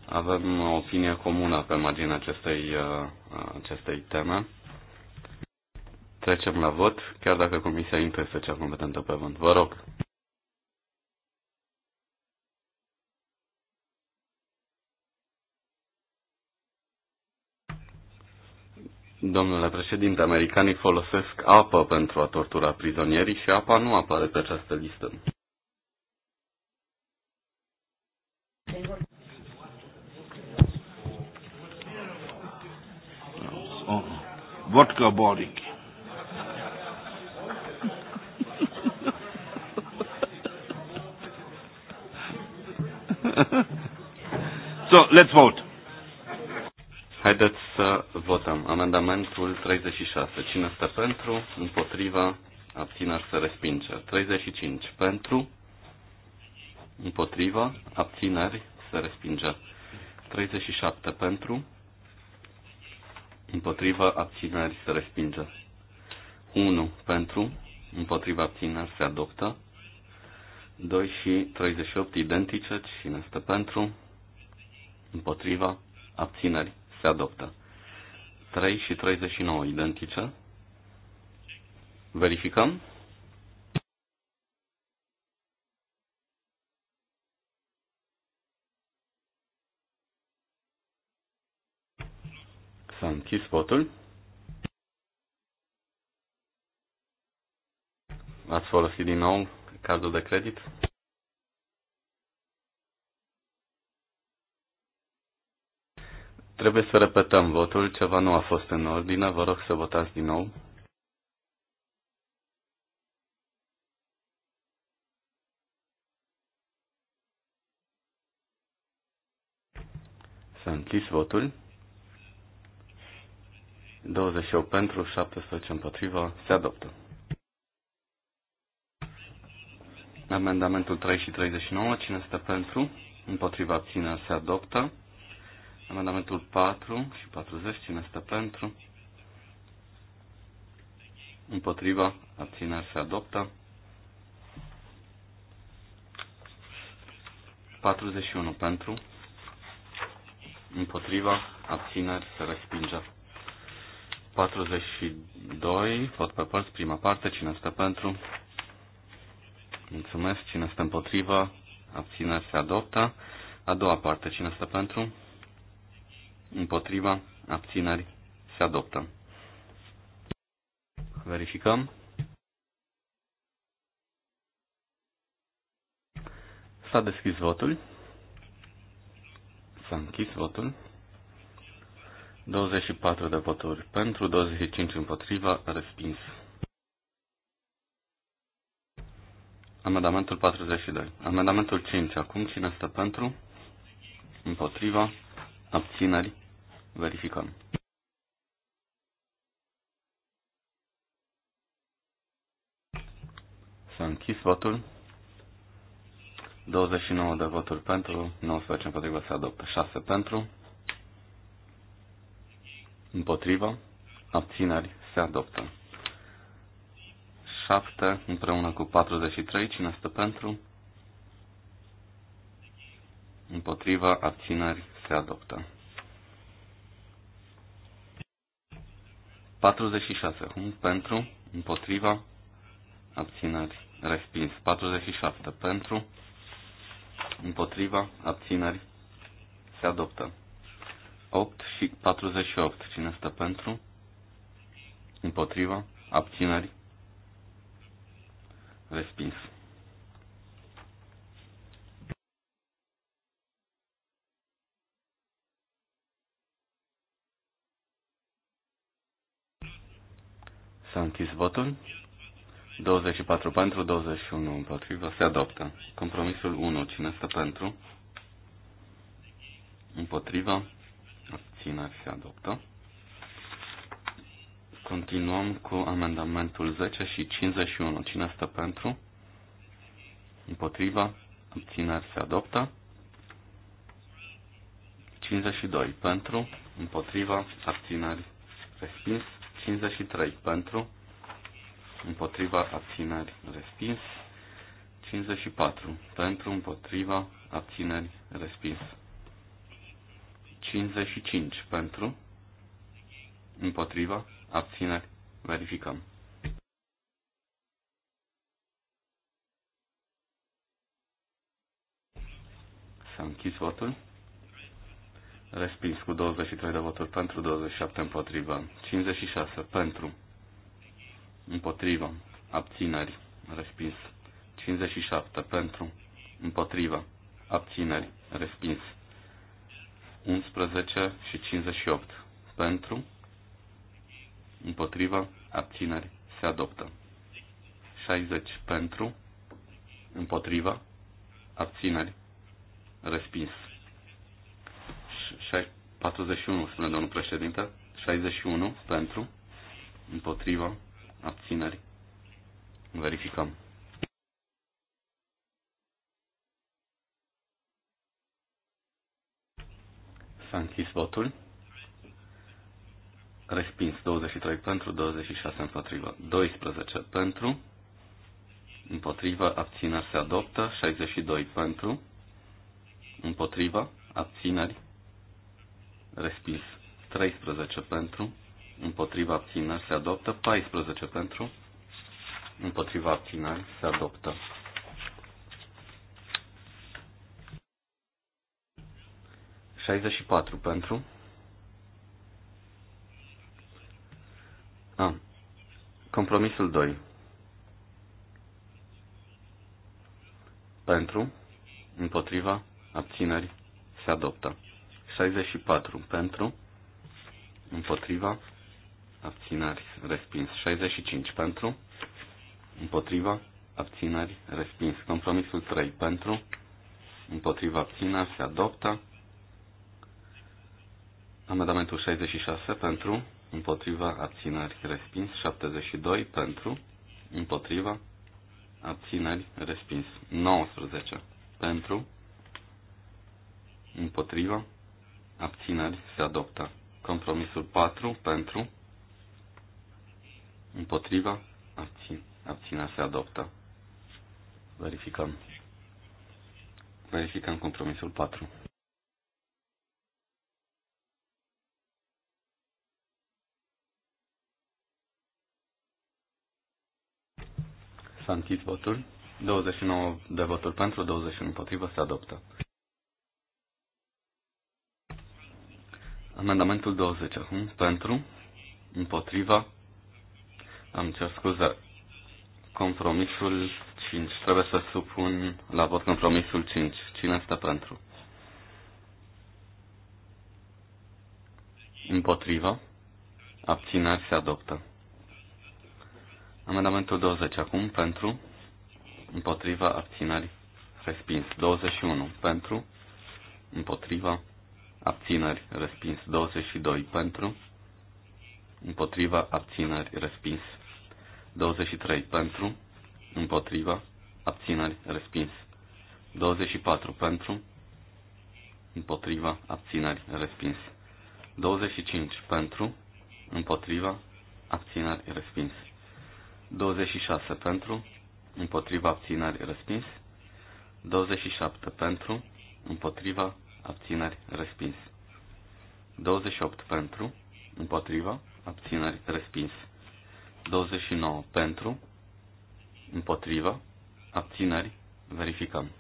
avem o opinie comună pe marginea acestei, uh, acestei teme. Trecem la vot, chiar dacă Comisia INTA este cea competentă pe vânt. Vă rog. Domnule președinte, americanii folosesc apă pentru a tortura prizonierii și apa nu apare pe această listă. Vodka Boric. so, let's vote. Haideți să votăm. Amendamentul 36. Cine este pentru? Împotriva? Abțineri se respinge. 35. Pentru? Împotriva? Abțineri se respinge. 37. Pentru? Împotriva? Abțineri se respinge. 1. Pentru? Împotriva? Abțineri se adoptă. 2 și 38 identice. Cine este pentru? Împotriva? Abțineri se adoptă. 3 și 39 identice. Verificăm. S-a închis votul. Ați folosit din nou cardul de credit? Trebuie să repetăm votul, ceva nu a fost în ordine, vă rog să votați din nou. S-a închis votul. 28 pentru, 17 împotriva, se adoptă. Amendamentul 3 și 39, cine este pentru, împotriva abținere se adoptă. Amendamentul 4 și 40, cine stă pentru? Împotriva, abțineri se adoptă. 41 pentru, împotriva, abțineri se respinge. 42, vot pe părți, prima parte, cine stă pentru? Mulțumesc, cine stă împotriva, abțineri se adoptă. A doua parte, cine stă pentru? împotriva, abțineri, se adoptă. Verificăm. S-a deschis votul. S-a închis votul. 24 de voturi pentru, 25 împotriva, respins. Amendamentul 42. Amendamentul 5. Acum cine stă pentru? Împotriva? Abțineri? Verificăm. S-a închis votul. 29 de voturi pentru, 19 împotriva se adoptă, 6 pentru, împotriva, abțineri se adoptă. 7 împreună cu 43, cine stă pentru? Împotriva, abțineri se adoptă. 46. Un Pentru, împotriva, abțineri, respins. 47. Pentru, împotriva, abțineri, se adoptă. 8 și 48. Cine stă pentru? Împotriva, abțineri, respins. S-a închis votul. 24 pentru, 21 împotrivă. Se adoptă. Compromisul 1. Cine stă pentru? Împotriva. Abțineri se adoptă. Continuăm cu amendamentul 10 și 51. Cine stă pentru? Împotriva. Abțineri se adoptă. 52. Pentru. Împotriva. Abțineri respins. 53 pentru, împotriva abțineri respins. 54 pentru, împotriva abțineri respins. 55 pentru, împotriva abțineri verificăm. S-a închis votul. Respins cu 23 de voturi pentru, 27 împotriva. 56 pentru, împotriva. Abțineri. Respins. 57 pentru, împotriva. Abțineri. Respins. 11 și 58 pentru, împotriva, abțineri, se adoptă. 60 pentru, împotriva, abțineri, respins. 41, spune domnul președinte. 61 pentru, împotriva, abțineri. Verificăm. S-a închis votul. Respins 23 pentru, 26 împotriva, 12 pentru, împotriva, abțineri se adoptă, 62 pentru, împotriva, abțineri respins. 13 pentru, împotriva abțineri se adoptă. 14 pentru, împotriva abțineri se adoptă. Șaizeci patru pentru. A. Compromisul 2. Pentru, împotriva, abțineri, se adoptă. 64 pentru, împotriva, abțineri, respins. 65 pentru, împotriva, abțineri, respins. Compromisul 3 pentru, împotriva, abțineri, se adoptă. Amendamentul 66 pentru, împotriva, abțineri, respins. 72 pentru, împotriva, abțineri, respins. 19 pentru, împotriva, abțineri, se adoptă. Compromisul 4 pentru, împotriva, Abținerea se adoptă. Verificăm. Verificăm compromisul 4. S-a votul. 29 de voturi pentru, 21 împotrivă se adoptă. Amendamentul 20 acum. Pentru. Împotriva. Am cer scuze. Compromisul 5. Trebuie să supun la vot compromisul 5. Cine este pentru? Împotriva. Abțineri se adoptă. Amendamentul 20 acum. Pentru. Împotriva. Abțineri. Respins. 21. Pentru. Împotriva abțineri, respins. 22 pentru, împotriva, abțineri, respins. 23 pentru, împotriva, abțineri, respins. 24 pentru, împotriva, abțineri, respins. 25 pentru, împotriva, abțineri, respins. 26 pentru, împotriva, abțineri, respins. 27 pentru, împotriva, abțineri, respins. 28 pentru, împotriva, abțineri, respins. 29 pentru, împotriva, abțineri, verificăm.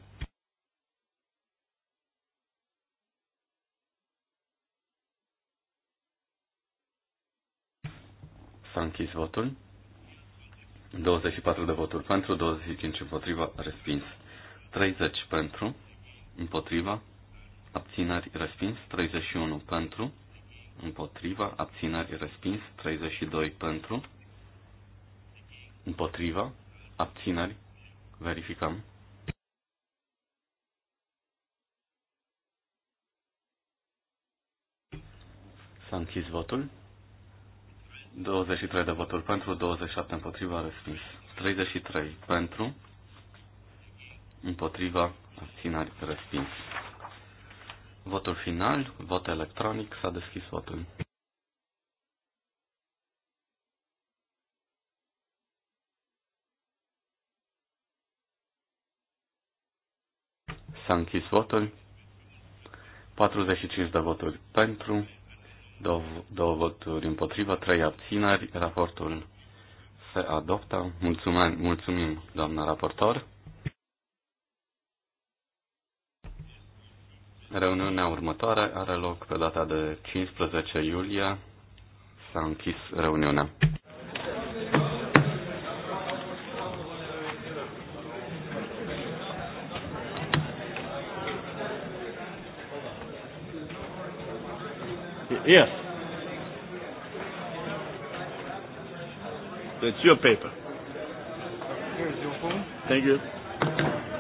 S-a închis votul. 24 de voturi pentru, 25 împotriva, respins. 30 pentru, împotriva, abțineri respins, 31 pentru, împotriva, abțineri respins, 32 pentru, împotriva, abțineri, verificăm. S-a închis votul. 23 de voturi pentru, 27 împotriva, respins. 33 pentru, împotriva, abțineri, respins. Votul final, vot electronic, s-a deschis votul. S-a închis votul. 45 de voturi pentru, două, două voturi împotriva, trei abțineri. Raportul se adoptă. Mulțumim, mulțumim doamna raportor. Reuniunea următoare are loc pe data de 15 iulie. S-a închis reuniunea. Yes. It's your paper. Here's your phone. Thank you.